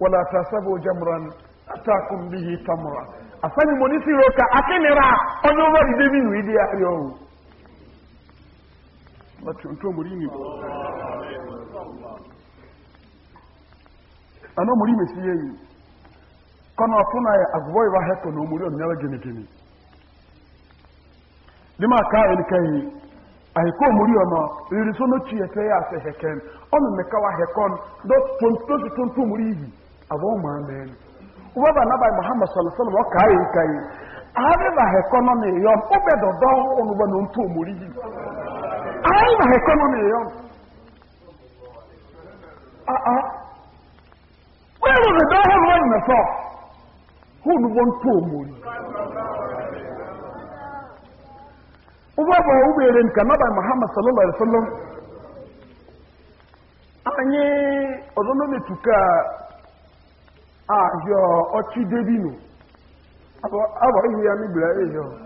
wala tasabu jamran atakum bihi tamra afani monisi roka akenera onyo wa debi wi dia ma tonto mulimi ana mulimi si yeyi kana tuna ya agboy wa heto hekọ muri on nyala gene gene lima ka en kai ai ko muri ono iri so ya se heken hekon do ma ba na bai muhammad sallallahu alaihi wasallam ka yi kai ari ba hekon no ne Ayi na ekonomi yom. Ah ah. Where was the door of one before? Who do want to move? Uba ba ubere nka na ba Muhammad sallallahu alaihi wasallam. Anyị ọzọnọ metuka ọchị debino. ya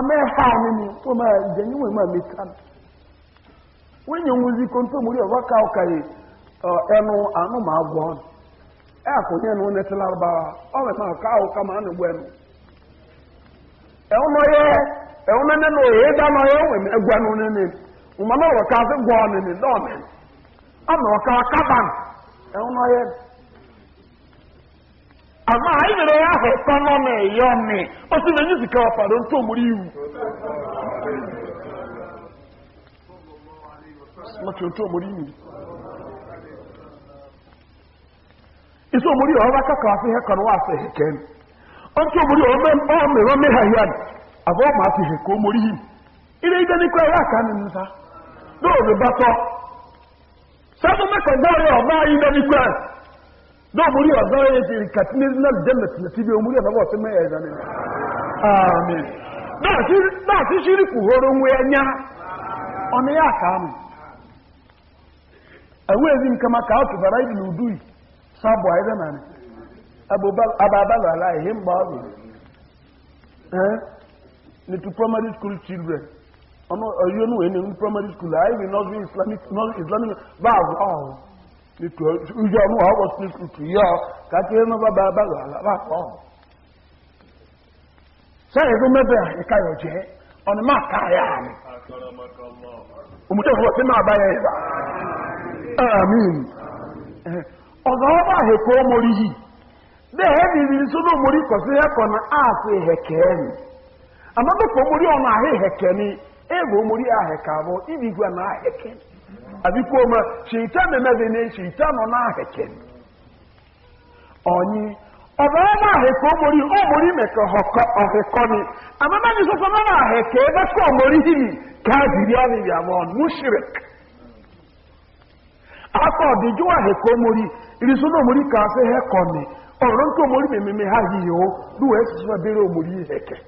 amẹ́ha nínú tó máa jẹ̀yìnwó máa mẹ́ta wọ́n ka wọ́n zi kó tó mú rí ọ̀rọ̀ ká ọ̀ka yìí ẹnu àánú máa gbọ́ ọ́n ẹ àkóyè ẹnu ní ẹtìlá na ọ ọ̀rẹ́ ẹnu. ní fi ama anyị nwere ya ahụ tọnọ ọmị o sị na nyezi ka ntụ iwu maka ntụ iwu isi omuri iwu ọba kaka asị ihe kọrọ wasa ihe ntụ omuri ọ mere ọmị ha ya abụ ọma asị ihe ka iwu ide ya ka anyị batọ dɔw muri wa dɔw ye jeli ka tini na jɛn na tini tibi o muri wa bɔ tɛmɛ yɛrɛ zani amen daa si daa si siri ku horo ŋwɛɛ nya ɔni y'a kaa mu awo ezi kama kaa tufara ibi n'udu yi ayi na ni ala ehe primary school children ɔno primary school ayi bi islamic islamic ìjọ̀nù ọ̀wọ̀ sí tutù yọ kàkiri ní bàbá bàbá àlàbàkọ́ sẹ́yìn tó mẹ́bẹ̀ ìkayọ̀ jẹ́ ọ̀nà máa káyà rẹ̀ òmùtẹ́ ìfọwọ́ sí máa ọ̀gá ọba yìí bẹ́ẹ̀ ẹ̀kọ́ na ni àmọ́ bẹ́ẹ̀ kọ́ ọ̀nà ni àbọ̀ na ni abikuo ma shaitan na mebe ne nọ na aheke onyi ọbara na aheke omori omori meka ọhekọ ni amama ni sọsọ na aheke ebe kọ omori hili ka jiri ọnụ ya ma ọnụ mushrek akọ ọdịjụ aheke omori iriso na omori ka afọ hekọ ni ọrụ nke omori mememe ha hihi o duwe ma bere omori heke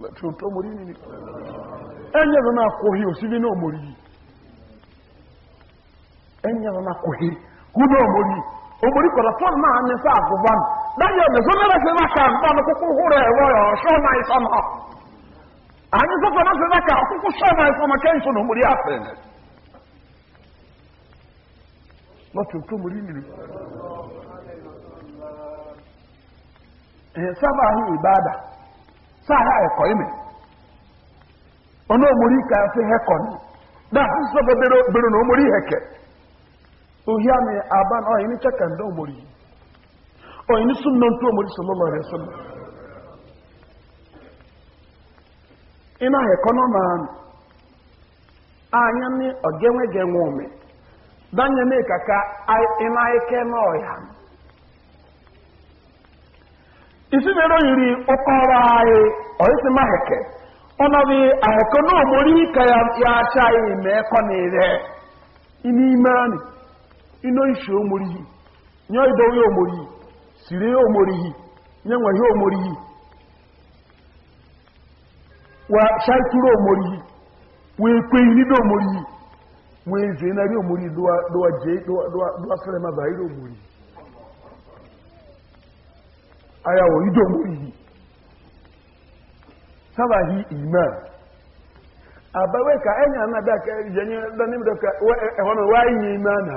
Let's go to Morini. enye na náà kọ̀hí na náà mọ̀rí na ẹnyẹ zọ náà kọ̀hí kúdó mọ̀rí na anyị kọ̀dọ̀ agụba náà ní sá àgùbá nù lẹ́yìn ọ̀nà zọ náà fẹ́ bàkà nípa ní kókó na ẹ̀wọ̀ ọ̀ṣọ́ anyị ìfọ̀ náà àyè sọ́kọ̀ náà fẹ́ bàkà kókó omori Onu omori ka afe hekon na asụsụ obere na omori heke uhie amị aba na onye nche ka ndị oyi onye nsu nọ ntu omori so lọlọ ya sọlọ ịna hekọ nọ na anya ni ọgenwe ga enwe ome danye na ịkaka ịna ike na ọya isi nere yiri ụkọ ọrụ anyị ọyịsị ma heke ọ̀nà bí àyẹ̀kọ́ náà mo rí ka ya ṣá ìmẹ̀ ẹ̀kọ́ ní rẹ̀ inú imani inú ìṣe omori yìí yọ ìdọ̀wé omori yìí sìrí omori yìí yẹnwẹ̀ yóò omori yìí wà ṣáìtúrò omori yìí wọ́n èkó ìnídò omori yìí wọ́n èzè náà rí omori lọ́wọ́ jẹ́ lọ́wọ́ fẹ́rẹ̀ má bàá ìdò omori yìí ayàwó ìdò omori yìí sabahi iman we ka enya na da ka jenye da da ka e, e, hono wayi imana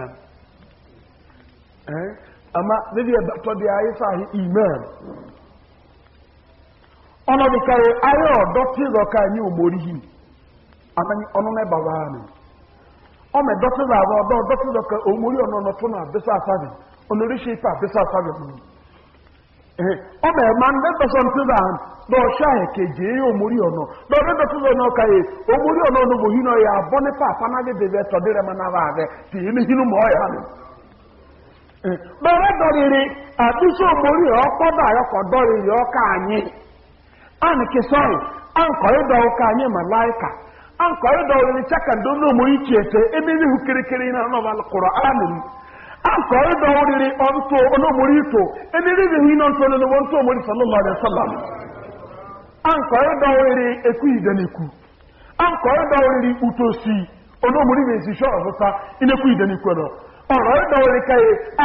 eh ama zidi ba to bi ayi sahi iman ono bi ka ayi odo ti ka ni omori hi ono ni o me do ti ba ka omori ono no to na ono ri shi pa ọmọ ẹ̀ma ń bẹ́ẹ̀ tọ́sọ̀ tó bá lọ ṣáà kejì eré òmórí ọ̀nà lọ bẹ́ẹ̀ tọ́sọ̀ tó náà kàyé òmórí ọ̀nà ọ̀nàbò yìí náà yà bọ́ nípa àfánágédè bẹ́ẹ̀ tọ́dé rẹ̀ máa bá rẹ̀ mọ́ bẹ́ẹ̀ dọ̀rìrì òmórí dọ̀rìrì ìdọ̀ màláìkà ìdọ̀ afọ ịdọ oriri ọntụ onomori ito emeriri ihe n'ọntụ ononogbo ntụ omori sallallahu alaihi wasallam oh, ah, na ịdọ oriri ekwu ideniku ankọ ịdọ oriri si onomori mezi shọ ọzụta inekwu ideniku ọdọ ọrọ ịdọ oriri ka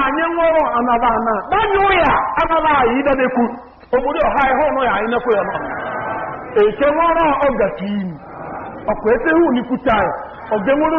anyị nwụrụ anaba ana oh, oh, ya anaba ịdọ omori ọha ihe ọnụ ya anyị ya nọ eke nwụrụ ọkwa ete hu nikuta ọgenwụrụ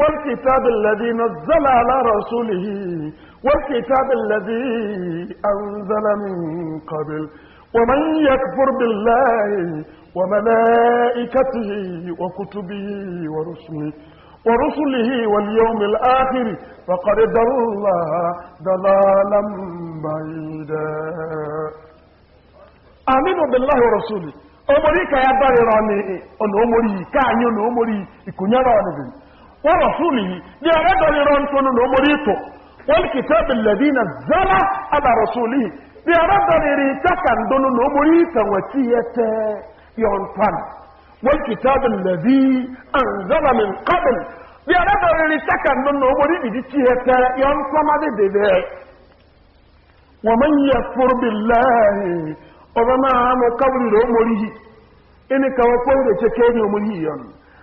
والكتاب الذي نزل على رسوله والكتاب الذي أنزل من قبل ومن يكفر بالله وملائكته وكتبه ورسله ورسله واليوم الآخر فقد ضل ضلالا بعيدا آمنوا بالله ورسوله أمريكا يا داري راني أن أمري كان يون أمري يكون ورسوله دي أرادوا لرانتون نمريتو والكتاب الذي نزل على رسوله دي أرادوا لريتكن دون نمريتا وسية يونتان والكتاب الذي أنزل من قبل دي أرادوا لريتكن دون نمريتا وسية يونتان ومن يكفر بالله وما عام قبل نمريه إنك وقوله تكيني مريم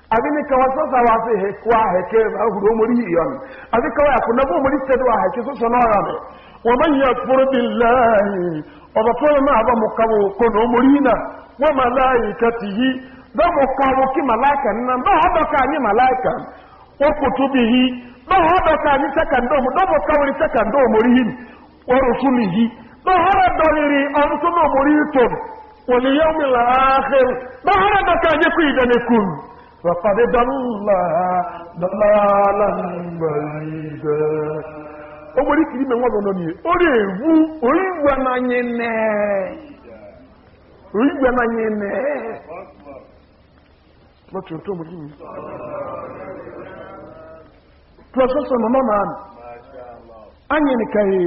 abini kawa sasa wase he kwa heke ba huro muri yon abi kuna wa so ya be wa man yakfur billahi wa bakol ma ba na wa malaikatihi ki malaika na ba وقد ضل ضلالا بعيدا omori kiri me nwa bono ni ori ewu ori gwa na nyene ori gwa na nyene lo tun to omori ni to so so mama man anye na. kai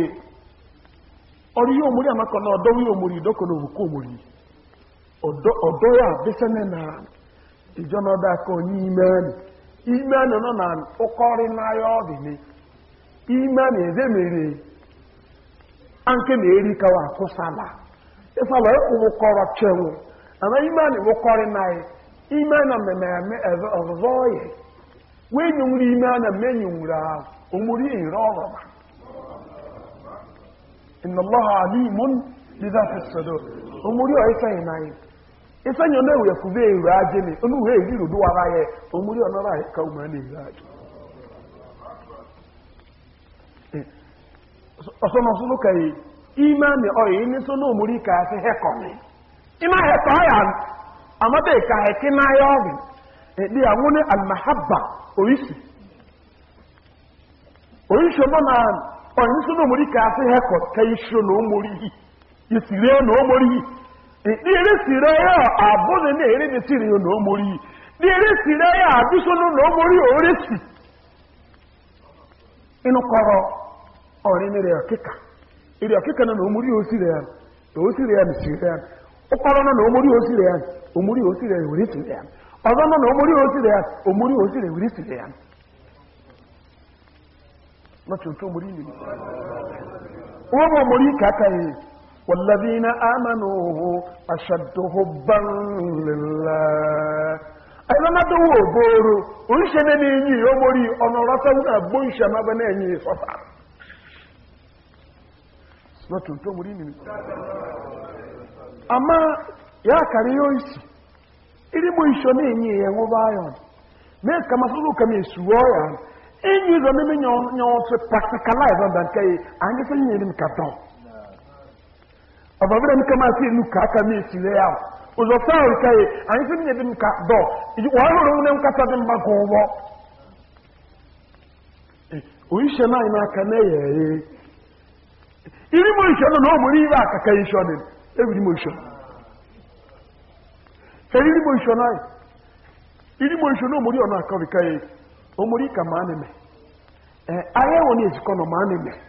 ori omori amako na odo wi omori doko no buku omori odo ya ịjọnọdụ aka onye ime anyị ime anyị nọ na ụkọrị n'ahịa ọdịni ime anyị eze mere anke na-eri kawa akwụsala ịsala ịkwụwụ ụkọrọ chenwe ama ime anyị wụkọrị n'ahịa ime anyị na mmemme ọzụzụ ọyị wee nyenwuru ime anyị mmenyi nwuru ahụ omuri ire ọrụ ma inna allaha alimun bi dhati sudur omuri ọyịsa anyị n'ahịa isanyo na ewu yakuve eru aje ni onu he yiru do ara ye ka uma ni ra aje eh, oso no so kai imani ka se he ko ima ya ka he ki na yo ọrịa. e eh, di ni al oyisi oyisi na o yi so ka se he ka kai yi yi Ni yà àbúni ní èrè ní tìrì yóò lòó mórí ìdírísìrẹ́ yà inú kọrọ ọ̀rin ní rẹ̀ kíkà èrè ọ̀kíkà náà lòó mórí òsì rẹ̀ òsì rẹ̀ sì rẹ̀ yàn náà lòó mórí òsì rẹ̀ yàn òsì rẹ̀ rẹ̀ ọ̀dọ́ náà òsì rẹ̀ والذين آمنوا أشد حبا لله ẹ̀rọ mọ́tòwò ògbóòrò oríṣẹ́ nẹ́ni yìí yóò mórí ọ̀nà ọ̀rọ̀sẹ́wọ́n àgbó ìṣẹ́ máa bẹ́ náà yìí sọ́fà lọ́tún tó mórí nìmi àmá yà kàrí yóò ìsì irígbó ìṣọ́ náà yìí ẹ̀wọ́n bá yọ̀ mẹ́ẹ̀kà sọ́dọ̀ kàmí èsù ọ̀rọ̀ ọ̀bọ̀bẹ̀rẹ̀ mi kama sí ìlú kàákà mi èsì rẹ̀ yà òzò sáà òrìkà yìí àyìn sí nìyẹn dìmkà dọ̀ wọ́n lòrò wọn nkàtà dì mbà gùn wọ́ oríṣẹ́ náà iná aka náà yẹ̀ ẹ́ ìrí mọ̀ ìṣọ́ náà náà mọ̀rí ìrà àkàkà ìṣọ́ ni ewì mọ̀ ìṣọ́ ẹ̀rí ìrí mọ̀ ìṣọ́ náà ìrí mọ̀ ìṣọ́ náà mọ̀rí ọ̀nà àkàkà òrìkà yìí ọmọrí ìkà máa nìmẹ̀ ẹ̀ ayẹ́wọ̀ ni èsìkọ́ náà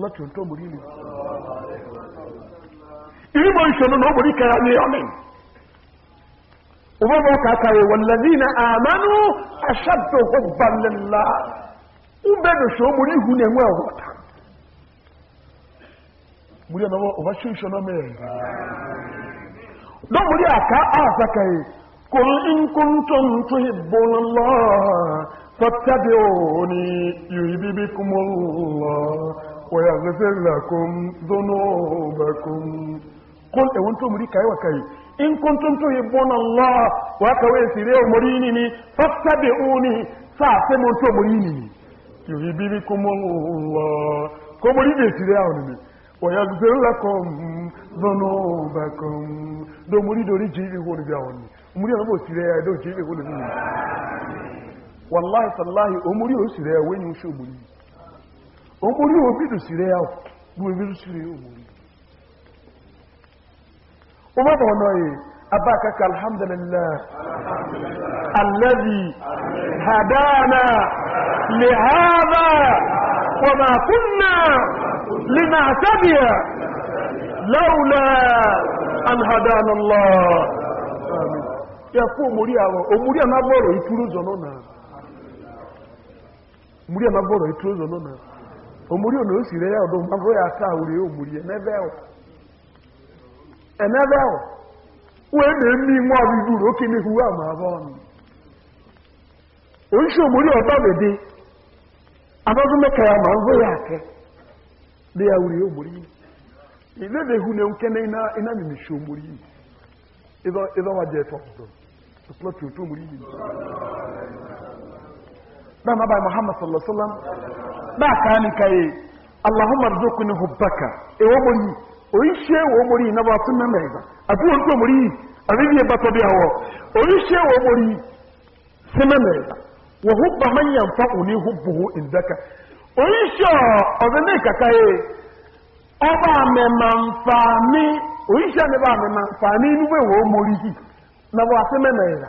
láti ọ̀tọ́ mọ̀rí ni ìrìbọn ìṣòro náà mọ̀rí kẹra ní ọ̀nà òbọ̀bọ̀ kàkàrẹ wọ̀lẹ̀dí na àmánú aṣàtò ọgbàlẹ̀lá ń bẹ̀rẹ̀ ṣòro mọ̀rí ìhù ní ẹ̀wọ̀n ọ̀rọ̀ ta mọ̀rí ọ̀nà ọba ṣe ìṣòro mẹ́rin lọ́mọ̀rí àká àṣàkàrẹ قل إن كنتم تحبون الله فاتبعوني يحببكم الله ويغفر لكم ذنوبكم قل وانتم مريكا وكاي إن كنتم تحبون الله وكوي سيريو مريني فاتبعوني ساسمو انتم مريني يحببكم الله كم مريني سيريو ويغفر لكم ذنوبكم دو مريد رجيبي هو نبيعوني مريد أبو سيريو دو جيبي هو نبيعوني والله تالله أمري أسيريو وين يشو مريني omori obi dosiri ya bụ obi dosiri ya omori ụmụ bụ ọnọ ya abaka ka alhamdulillah alladhi hadana lihada wa ma kunna linahtadiya laula an hadana allah ya kú omori àwọn omori àmà bọ̀rọ̀ ìtúrú zọ̀nà náà omori àmà bọ̀rọ̀ ìtúrú zọ̀nà náà omuri ono osiri ya ọdụ mgbago ya aka wuri omuri n'ebe ahụ n'ebe wee na emi nwa ọbụ oke n'ihu a abụọ nụ onye ọtọ bedi abụghị meka ya ma mbụ ya aka dị ya wuri omuri ilebe hu na nke na ina ọtụtụ na mabai muhammad sallallahu daka ni kaye allahumma arzuqni hubbaka e wo mori oise wo mori na ba tun memeza abi won ko mori abi bi e ba to bi awo oise wo mori se memeza wa hubba man yanfa'uni hubbuhu indaka oise o ne kakaye ọba mẹ́ma nfa ní oríṣẹ́ ní bá mẹ́ma nfa ní inú wẹ̀wọ̀ mọ́rí yìí na wọ́n àti mẹ́mẹ́ ìrà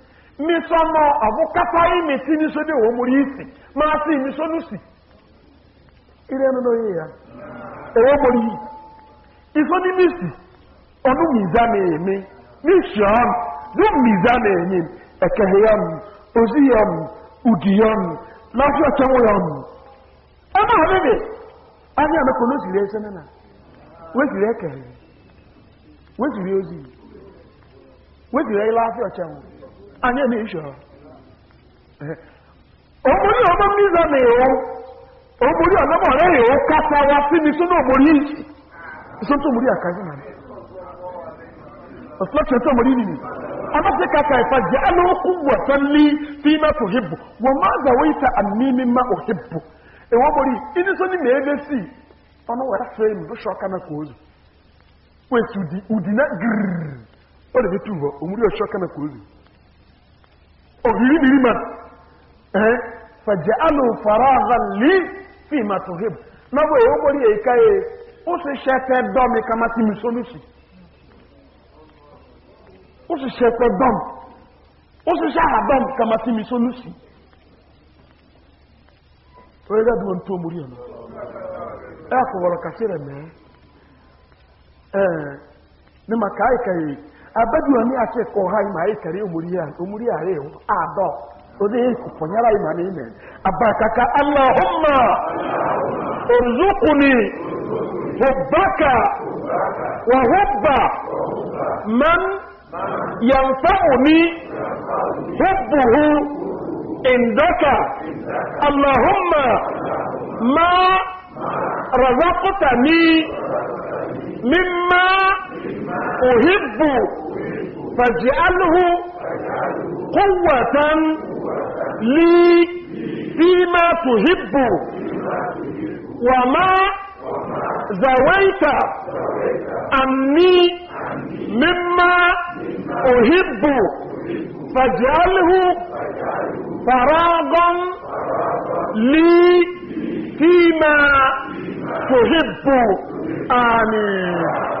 misɔmɔ ɔbukapa yi mesi si de wɔn muri isi maa si nisɔn si ire no no ya ewo muri yi isɔn ni mi si na eme mi sɔn do miza na enye ya mu ozi ya mu udi ya mu lafiya kyɛnwo ya mu ɛna ɔne anya no kɔ no si na ozi anya na esho eh, omori ọmọ miza na ewo omori ọlọmọ rẹ ewo kasa wa fi mi sọ náà omori yìí sọ tó omori àkàyè náà ọ̀sọ́tún tó omori nìyí amase kaka ifa jẹ ẹnu okun wọsan ní fíìmà tó hebù wọn máa gbà wọ́n ìta àmì mímá ò hebù ewo omori ìní sọ ní mẹ́ẹ̀ẹ́dẹ́ sí ọ̀nà wẹ̀rẹ́ fẹ́ẹ́ mi bó ṣọ́ kánà kò ó zù wọ́n ètù ùdì náà gírì ó lè fi tù wọ́ omori kánà kò ó ògìrí bìrí mà ẹ́ eh? fẹ̀jẹ̀ alò faraza lè fi ìmà tó hìb lọ́gbọ̀ èyí ó e kórí èyí e, káyé ó sì ṣe fẹ́ dọ́mi e kama ti mi sólùsì ó sì ṣe fẹ́ dọ́m ó sì ṣe àdọ́m kama ti mi sólùsì orí rẹ̀ dùn tó múrí ọ̀nà ẹ̀ kò wọ̀rọ̀ kàṣí rẹ̀ mẹ́ ẹ̀ ní màkà ìkẹyìí abadu ani ake kɔ ha ima ayi kari omuri ya omuri ya re adɔ o de kɔnyara ima ne ime abakaka alahuma orzukuni hubaka wa hubba man yanfa'uni hubbuhu indaka allahumma أحب فاجعله قوة لي فيما تحب وما زويت عني مما أحب فاجعله فراغا لي فيما تحب آمين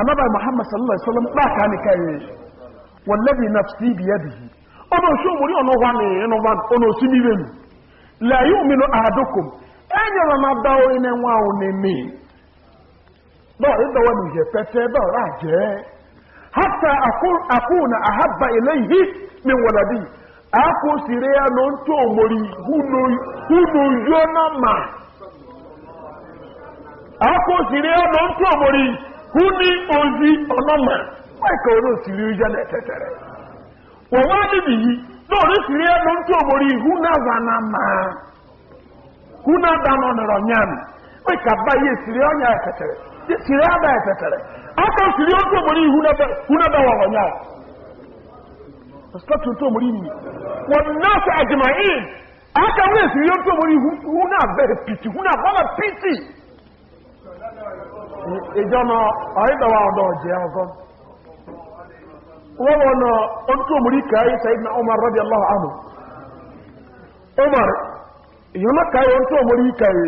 anaba muhammad sallallahu alaihi wasallam ba ka ni kai wallabi nafsi bi yadihi ono so muri ono wa ni ono wa ono si mi wem la yu'minu ahadukum anya wa ma ba o ni nwa o ni mi do ri do wa ni je pete do ra je hatta akun akuna ahabba ilayhi min waladi ako sire ya no nto mori huno huno yona ma ako sire ya no nto mori hụ na ozi ọlọ́mà wẹ́ẹ̀kẹ́ olóòsìrí oúnjẹ na tẹ́tẹ̀rẹ̀ wọ́n wá níbi yìí lóòrí sírí ẹ̀ ló ń tó mọ̀rí húnàzànà máa húnàdànà ọ̀nàrọ̀ na wẹ́ẹ̀kẹ́ báyé sírí ọ̀nyà tẹ́tẹ̀rẹ̀ sírí ọ̀nà tẹ́tẹ̀rẹ̀ ọkọ̀ sírí ó tó mọ̀rí húnàdànà ọ̀nyà ọ̀sọ́tún tó mọ̀rí nìyí wọ́n aka ìjọ náà ọ̀rídọ̀wà ọ̀dọ̀ ọ̀jẹ́ ọ̀gọ́ wọ́n wọ́n náà ó tó múrí káyé na umar rabi allahu anu umar ìyọ́nà káyé ó tó múrí káyé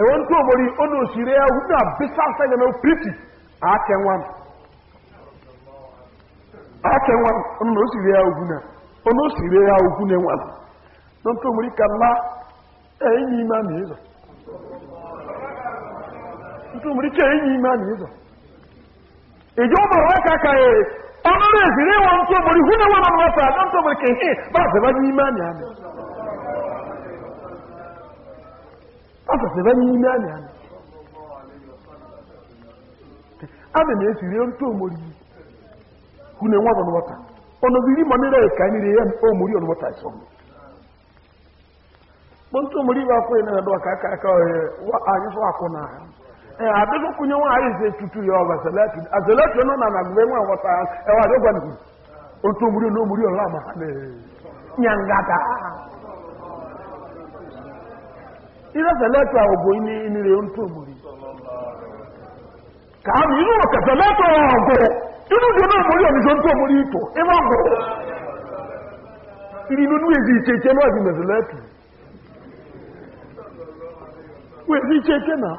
èwo tó múrí ó ní òṣèré ahùdó àbísà sayidina pìtì tutu muri ke yi imani yizo ejo mo wa ka ka e onore ezire wa nto muri hune wa na wa fa nto muri ke he ba se ba ni imani ani ba se ba ni imani ani abe na ezire nto muri hune wa na wa fa ono biri mo ne re ka ni re ya o muri ono ta so mo nto muri wa ko ina na do ka ka ka wa anyi so akona Eh, adịghị kwụnye nwaanyị ze tutu ya ọba seleti azeleti nọ na nagbe nwa nwata e ya ewa adịgwa ndu otu omuri na omuri ọla ma ha nyangata ihe seleti a ogo inire otu omuri ka abụ ịnụ ọka seleti ọgụ inú dị na omuri ọmịsọ otu omuri ịtụ ịma ọgụ iri nínú èdè ìkẹ̀kẹ́ na di mẹ̀sẹ̀lẹ́tì wèé ní ìkẹ̀kẹ́ náà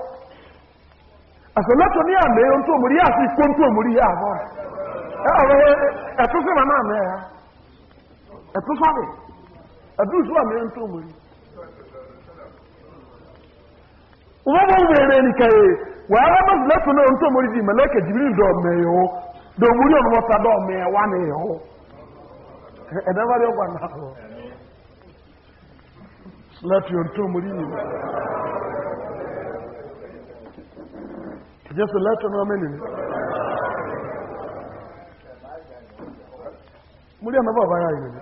àsọlẹ́tò ní àmì ohun tó múrí àti ikó tó múrí àbọ̀ ẹ̀rọ ẹ̀tún sí màmá àmì ẹ̀yà ẹ̀tún sọ́dẹ̀ ẹ̀dúsù àmì ohun tó múrí. wọ́n bọ́ wẹ̀rẹ̀ nìkẹyẹ wàá rẹ́ bá sọlẹ́tò náà ohun tó múrí di mẹ́lẹ́kẹ̀ jìbìrì dọ̀mẹ́yọ dọ̀múrí ọ̀nà wọ́ta dọ̀mẹ́wà nìyọ ẹ̀dẹ́gbàdì ọgbà náà sọlẹ́tò ohun tó múrí nìyọ. jésù lẹ́tọ̀nù ọmọ ènìyàn múrí àmẹ́bọ̀ báyá ìnìyàn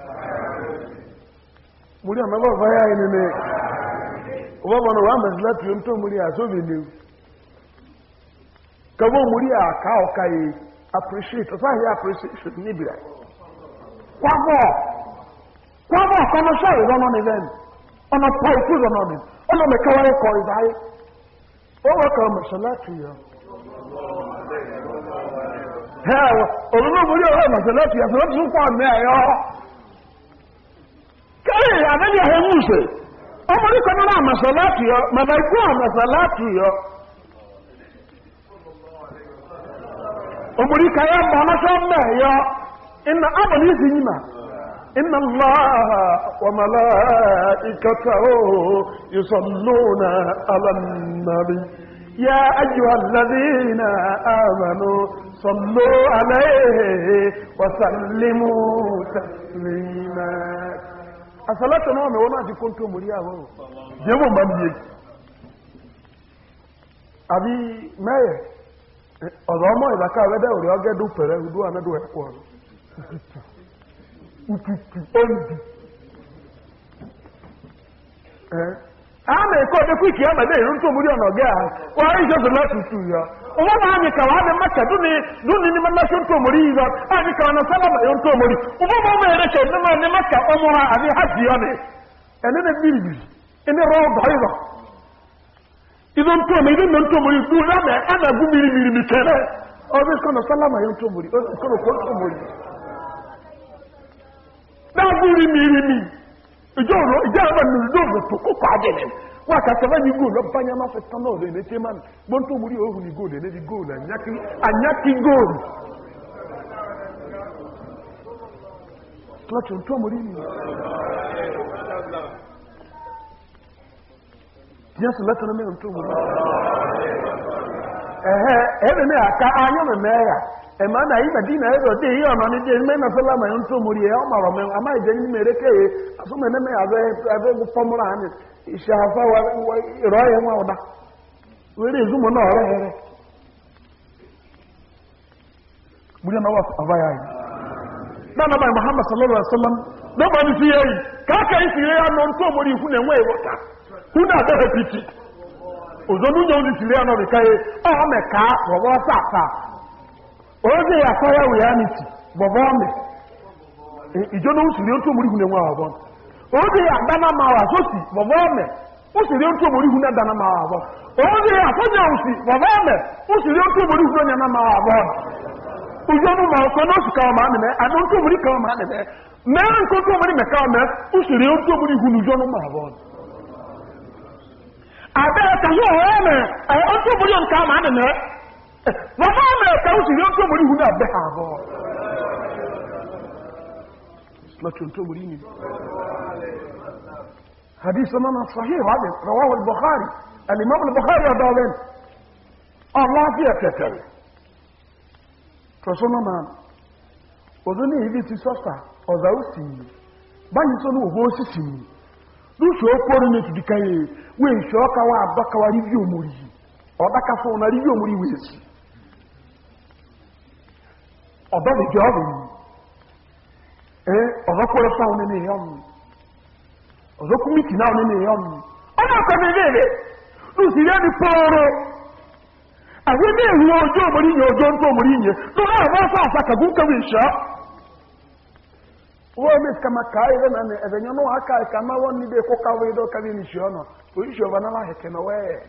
múrí àmẹ́bọ̀ báyá ìnìyàn ọgbọ́gbọ́n wà mẹ́sì láti ohun tó múrí àsóbì ni kọgbọ́n múrí àká ọ̀ka yìí appreciate ọ̀sáhìí appreciation níbi rẹ̀ kwabọ̀ kwabọ̀ kọmọṣẹ́ ìrọ́nà ní bẹ́ẹ̀ ọ̀nà pọ̀ ìkú ìrọ́nà ní ọ̀nà mẹ́kẹwàá ẹ̀kọ́ ìdáyé ó wọ́kọ̀ mẹ́sì láti yọ hẹ́ẹ̀ olùmọ̀mọ̀lẹ́ ọ̀rọ̀ ìmọ̀sẹ̀lẹ́tì ẹ̀sẹ̀lẹ́tì ń pọ̀ ní ẹ̀yọ́ kẹ́rì àbẹ́lẹ̀ ẹ̀hẹ́ wùsẹ̀ ọmọdé kan náà àmọ̀sẹ̀lẹ́tì yọ màmá ikú àmọ̀sẹ̀lẹ́tì yọ ọmọdé kan yẹ bọ̀ ọmọṣẹ́ mẹ́ iná yìí mà يا أيها الذين آمنوا صلوا عليه وسلموا تسليما الصلاة نوم ولا دي كنت مريا هو من يجي أبي ما ọ̀dọ́mọ́ ìlàkà wẹ́dẹ̀ òrí ọgẹ́dù pẹ̀rẹ̀ udú àmẹ́dù ẹ̀kọ́ ọ̀rọ̀ ìtìtì ó ẹ́ ama ekọ ọdekwa ike ya mada eru ntụ omuri ọnọdụ a wara ọzọ ya na anyị kawa adị maka duni duni mmasị ntụ omuri anyị kawa na sábà ma ya ntụ omuri ụwa ma ere ka maka ha anyị ha na mmiri biri ẹni rọ ọdọ ịrọ izo ntụ omuri izo ntụ omuri du ya na a na-agụ mmiri mmiri na ma ya ntụ omuri na ntụ omuri na-agụ mmiri mmiri ìjọ́rò ìjáàbà ní ìjọ́rò tó kókò àjẹ́lẹ̀ wọ́n àkàtàwà ní góòlù ọba ní a máa fẹ́ tán náà lè tẹ́ máa gbọ́n tó múrí òhun ní góòlù ẹ̀lẹ́bí góòlù àyákí góòlù klọ́tù tó múrí ní yẹ́sù lẹ́tọ̀ọ́ mẹ́rin tó múrí ehe ebeme eh, aka anyị meme ya ema eh, na ibe di na ezo di ihe ọnọ n'ije mme na sola ntụ muri ya ọ mara m amaghị mere keye asụ m eme ya azụ ebe bụ pọmụrụ anyị afọ ya nwa ụda were ezu mụ ọrụ here ya anyị na ka aka yi fiye ya nọ ntụ muri ikwu na enwe ịwọta hụ na adọghị òzòmú nyɛ ndị tìlẹ̀ ọ̀nà òbíkà yẹ ọ̀họ́ mẹ kàá bọ̀bọ̀ sàtà òwòdì àkọ́yà ya ni tì bọ̀bọ̀ mẹ ìjọ náà wòsìlẹ̀ ntọ́ mòrí hun ẹ̀wọ̀n àwọ̀ òwòdì àdáná máa wà sósì bọ̀bọ̀ mẹ wòsìlẹ̀ ntọ́ mòrí hun ẹ̀dáná máa wà bọ̀ òwòdì àbẹ́rẹ́ kan yóò wọ́n mẹ́ ẹ̀ ó tó borí òǹkà máa nìyẹn wọ́n máa mẹ́ ẹ̀ka ó sì yóò tó borí ìhun àbẹ́ àbọ̀ lọ́tún tó borí nìyẹn hadith ọmọ náà sọ yìí wàá rọwọ́ bukhari alimọ́bù bukhari ọ̀dọ́ ọ̀bẹ́ni ọ̀la bí ẹ̀kẹ̀kẹ̀ rẹ̀ tọ́sọ́nà máa òdó ní ìdí ti sọ́sà ọ̀zà ó sì yìí báyìí tó ní òwò ó sì sì yìí lóṣù okòrò ní ti dìkan yìí wọ́n èṣù ọkà wà àbákà wà rí bí òmùrì yìí ọ̀dáka fún ọ̀nà rí bí òmùrì wò èsì ọ̀dọ́ lè jọ ọ̀rọ̀ yìí ẹ ọ̀dọ́ kúrò fún ọ̀nà ìyá ọ̀nà ọ̀dọ́ kú mìtì náà ọ̀nà ìyá ọ̀nà ọ̀nà ọ̀kọ̀ mi lè rè lùsì rẹ̀ ní pọ́ọ̀rọ̀ àwọn ilé ìwé ojú òmùrì yìí ojú òmùrì yìí lọ́wọ́ àwọn fún àṣà kàgún kẹwì ìṣọ́ wọ́ọ̀mí kama kaa yìí nani ẹ̀fẹ̀ nyọ́nú wa kaa kama wọ́n ní bẹ́ẹ̀ kó káwé yìí dọ́ọ̀ká bí nìṣẹ́ ọ̀nà oríṣi ọba náà hẹ̀kẹ́ náà wẹ́ẹ̀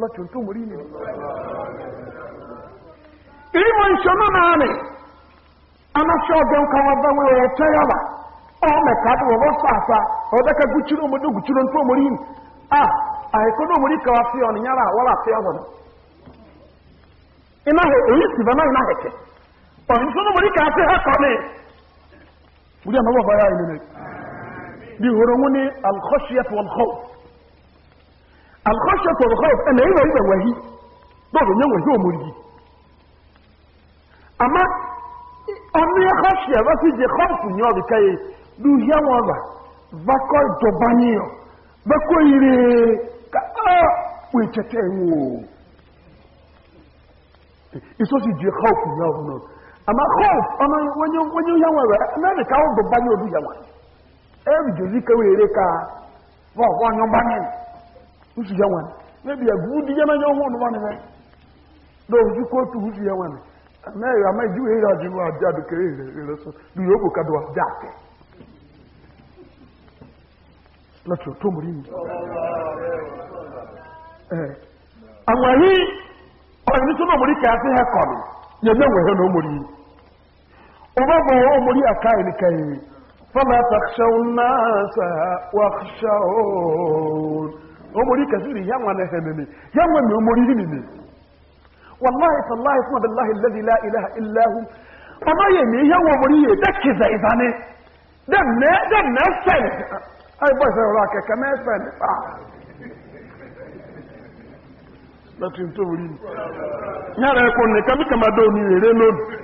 lọ́tí tó mú rí ni. ìmọ̀ ìṣọ́nà náà ni e ni ọ̀rùn tó mọ̀rí ká sí ẹ̀kọ́ mi wúdí àmọ́ bàbá yá ìlú ni bí ìhòrò wọn ni alkhọ́ṣíẹ́fù ọlọ́kọ́ alkhọ́ṣíẹ́fù ọlọ́kọ́ ẹ̀nà ìwẹ̀ ìwẹ̀ wẹ̀hí bọ́ọ̀rọ̀ yẹn wẹ̀hí òmòrì yìí àmá ọmọ ẹ̀kọ́ṣíẹ́ wọ́n sì jẹ kọ́ọ̀fù ní ọ̀rì náà ama hope ọmọ onye onye ya nwere naanị ka ọdụ banye obi ya nwere ebidozi ka were ka vọk onye banye usu ya nwere mebi ya guu ya manye ọhụụ n'ụwa nime na ozu kwa otu usu ya nwere na eh. ya ama ejiwe ya adị nwa adị adịkere ere so duru ogbo kadụ adị ake lọtụ tó mụrụ imi àwọn ẹ̀rí ọ̀rọ̀ ìnísọ́nà mọ̀rí kẹ́ àti hẹ́kọ̀ọ̀lù yẹn náà wẹ̀ hẹ́ na ó mọ̀rí وبابا هو مريء كاين كاين فلا تخشوا الناس واخشون ومريء كثير يما نهمني يما نمريني والله تالله اسم بالله الذي لا اله الا هو وما يمي يما مريء دكزا اذاني دمنا دمنا السنة اي بس راك كما سن láti tó rí يا ara كم nìkan دوني kàmàdó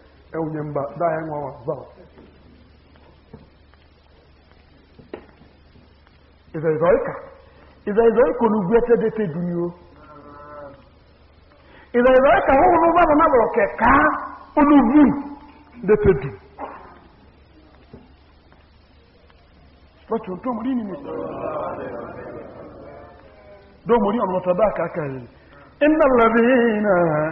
enyemba ndaye ngwa wazawa izaizoika izaizoika olugwete dete dunio izaizoika hu nu baba na bolo ke ka olugu dete du lọ́tún tó mú rí nínú dómú rí ọ̀nà tàbá kàkàrí iná lọ́bí náà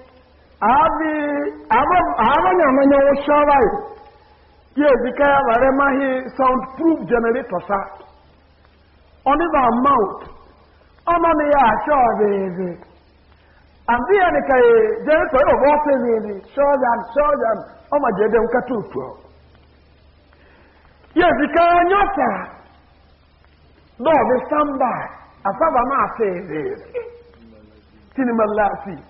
abi abam abanya manya woshawai tie zika bare mahi sound proof generator sa oni ba mount ama ne ya sho bebe abi ani kai generator yo bote ni ni sho dan sho dan ama jede nkatutu ye zika nyota do be standby asaba ma se tinimallasi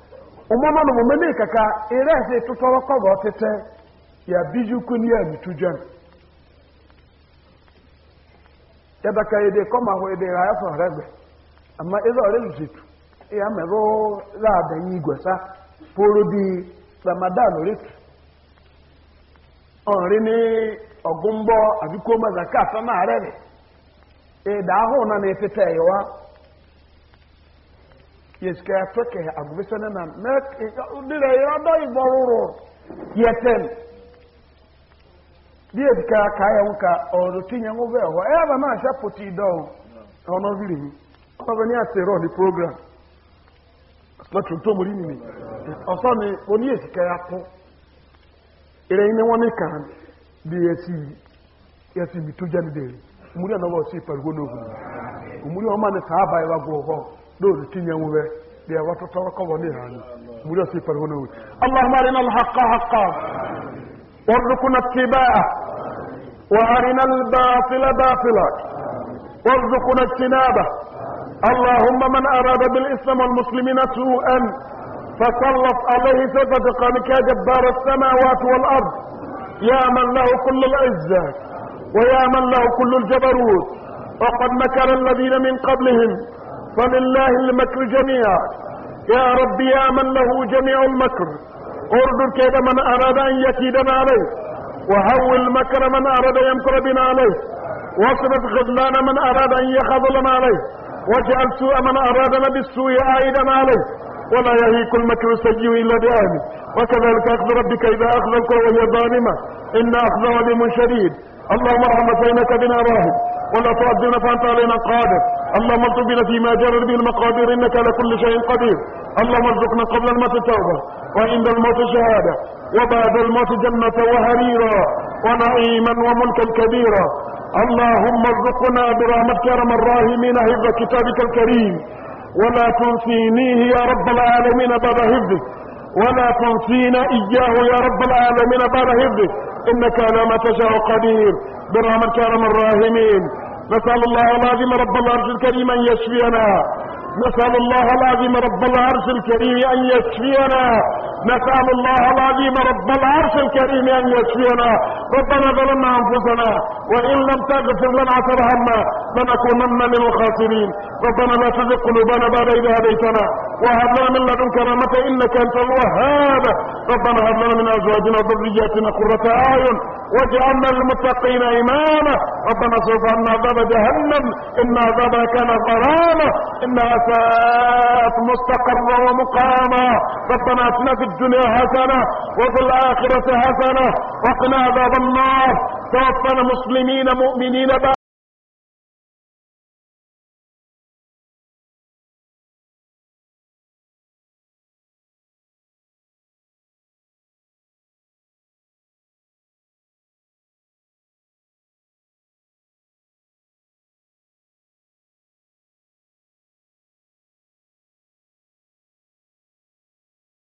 ụmụma na omume kaka iresi tụtọrọ kọba ọtịtị ya biji ukwu ni ya mitujem ka ede kọma hụ ede ya afọ regbe amma ịza ọrịa ya merụ zaadanyị igwe sa pụrụ di ramadan ritu ọrị ni zakat e na arịrị na na-etete ya yɛsika yɛtɔkɛ agobɛsɛ ne nam mɛ dirɛ yɛrɛdɔ ibɔroro yɛtɛn bi yɛsika ka yɛ wo ka ɔdo ti nyɛ wo hɔ ɛyɛ ba maa hyɛ poti dɔn ɔno viri mi ɔno bɛ ni program yɛsika yɛsi yɛsi si pariwo ɔma saa yɛ wa hɔ. دول تنيمو به يا وتتوقع ونهان مدسي اللهم ارنا الحق حقا وارزقنا اتباعه وارنا الباطل باطلا وارزقنا اجتنابه اللهم من اراد بالاسلام والمسلمين سوءا فسلط عليه سوف تقامك يا جبار السماوات والارض يا من له كل العزه ويا من له كل الجبروت وقد مكر الذين من قبلهم فلله المكر جميعا يا رب يا من له جميع المكر ارد كيد من اراد ان يكيدنا عليه وهول مكر من اراد يمكر بنا عليه واصرف خذلان من اراد ان يخذلنا عليه واجعل سوء من ارادنا بالسوء عائدا عليه ولا يهيك المكر السيء الا باهله وكذلك اخذ ربك اذا اخذ القرى وهي ظالمه ان اخذ عليم شديد اللهم ارحم بينك بنا راهب ولا تعذبنا فانت علينا قادر اللهم ارزقنا فيما جرت به المقادير إنك على كل شيء قدير اللهم ارزقنا قبل الموت توبة وعند الموت شهادة وبعد الموت جنة وهريرا ونعيما وملكا كبيرا اللهم ارزقنا برحمتك يا ارحم الراحمين حفظ كتابك الكريم ولا تنسينيه يا رب العالمين بعد حفظه ولا تنسينا إياه يا رب العالمين بعد حفظه إنك على ما تشاء قدير برحمتك يا ارحم الراحمين نسأل الله العظيم رب العرش الكريم أن يشفينا نسأل الله العظيم رب العرش الكريم أن يشفينا نسأل الله العظيم رب العرش الكريم أن يشفينا ربنا ظلمنا أنفسنا وإن لم تغفر لنا ترحمنا لنكونن من الخاسرين ربنا لا تزغ قلوبنا بعد إذ هديتنا وهب لنا من لدنك رحمة إنك أنت الوهاب ربنا هب لنا من أزواجنا وذرياتنا قرة أعين واجعلنا للمتقين إماما ربنا صرف عنا عذاب جهنم إن عذابها كان غراما إنها ساءت مستقرا ومقاما ربنا أتنا في الدنيا حسنة وفي الآخرة حسنة وقنا عذاب النار توفنا مسلمين مؤمنين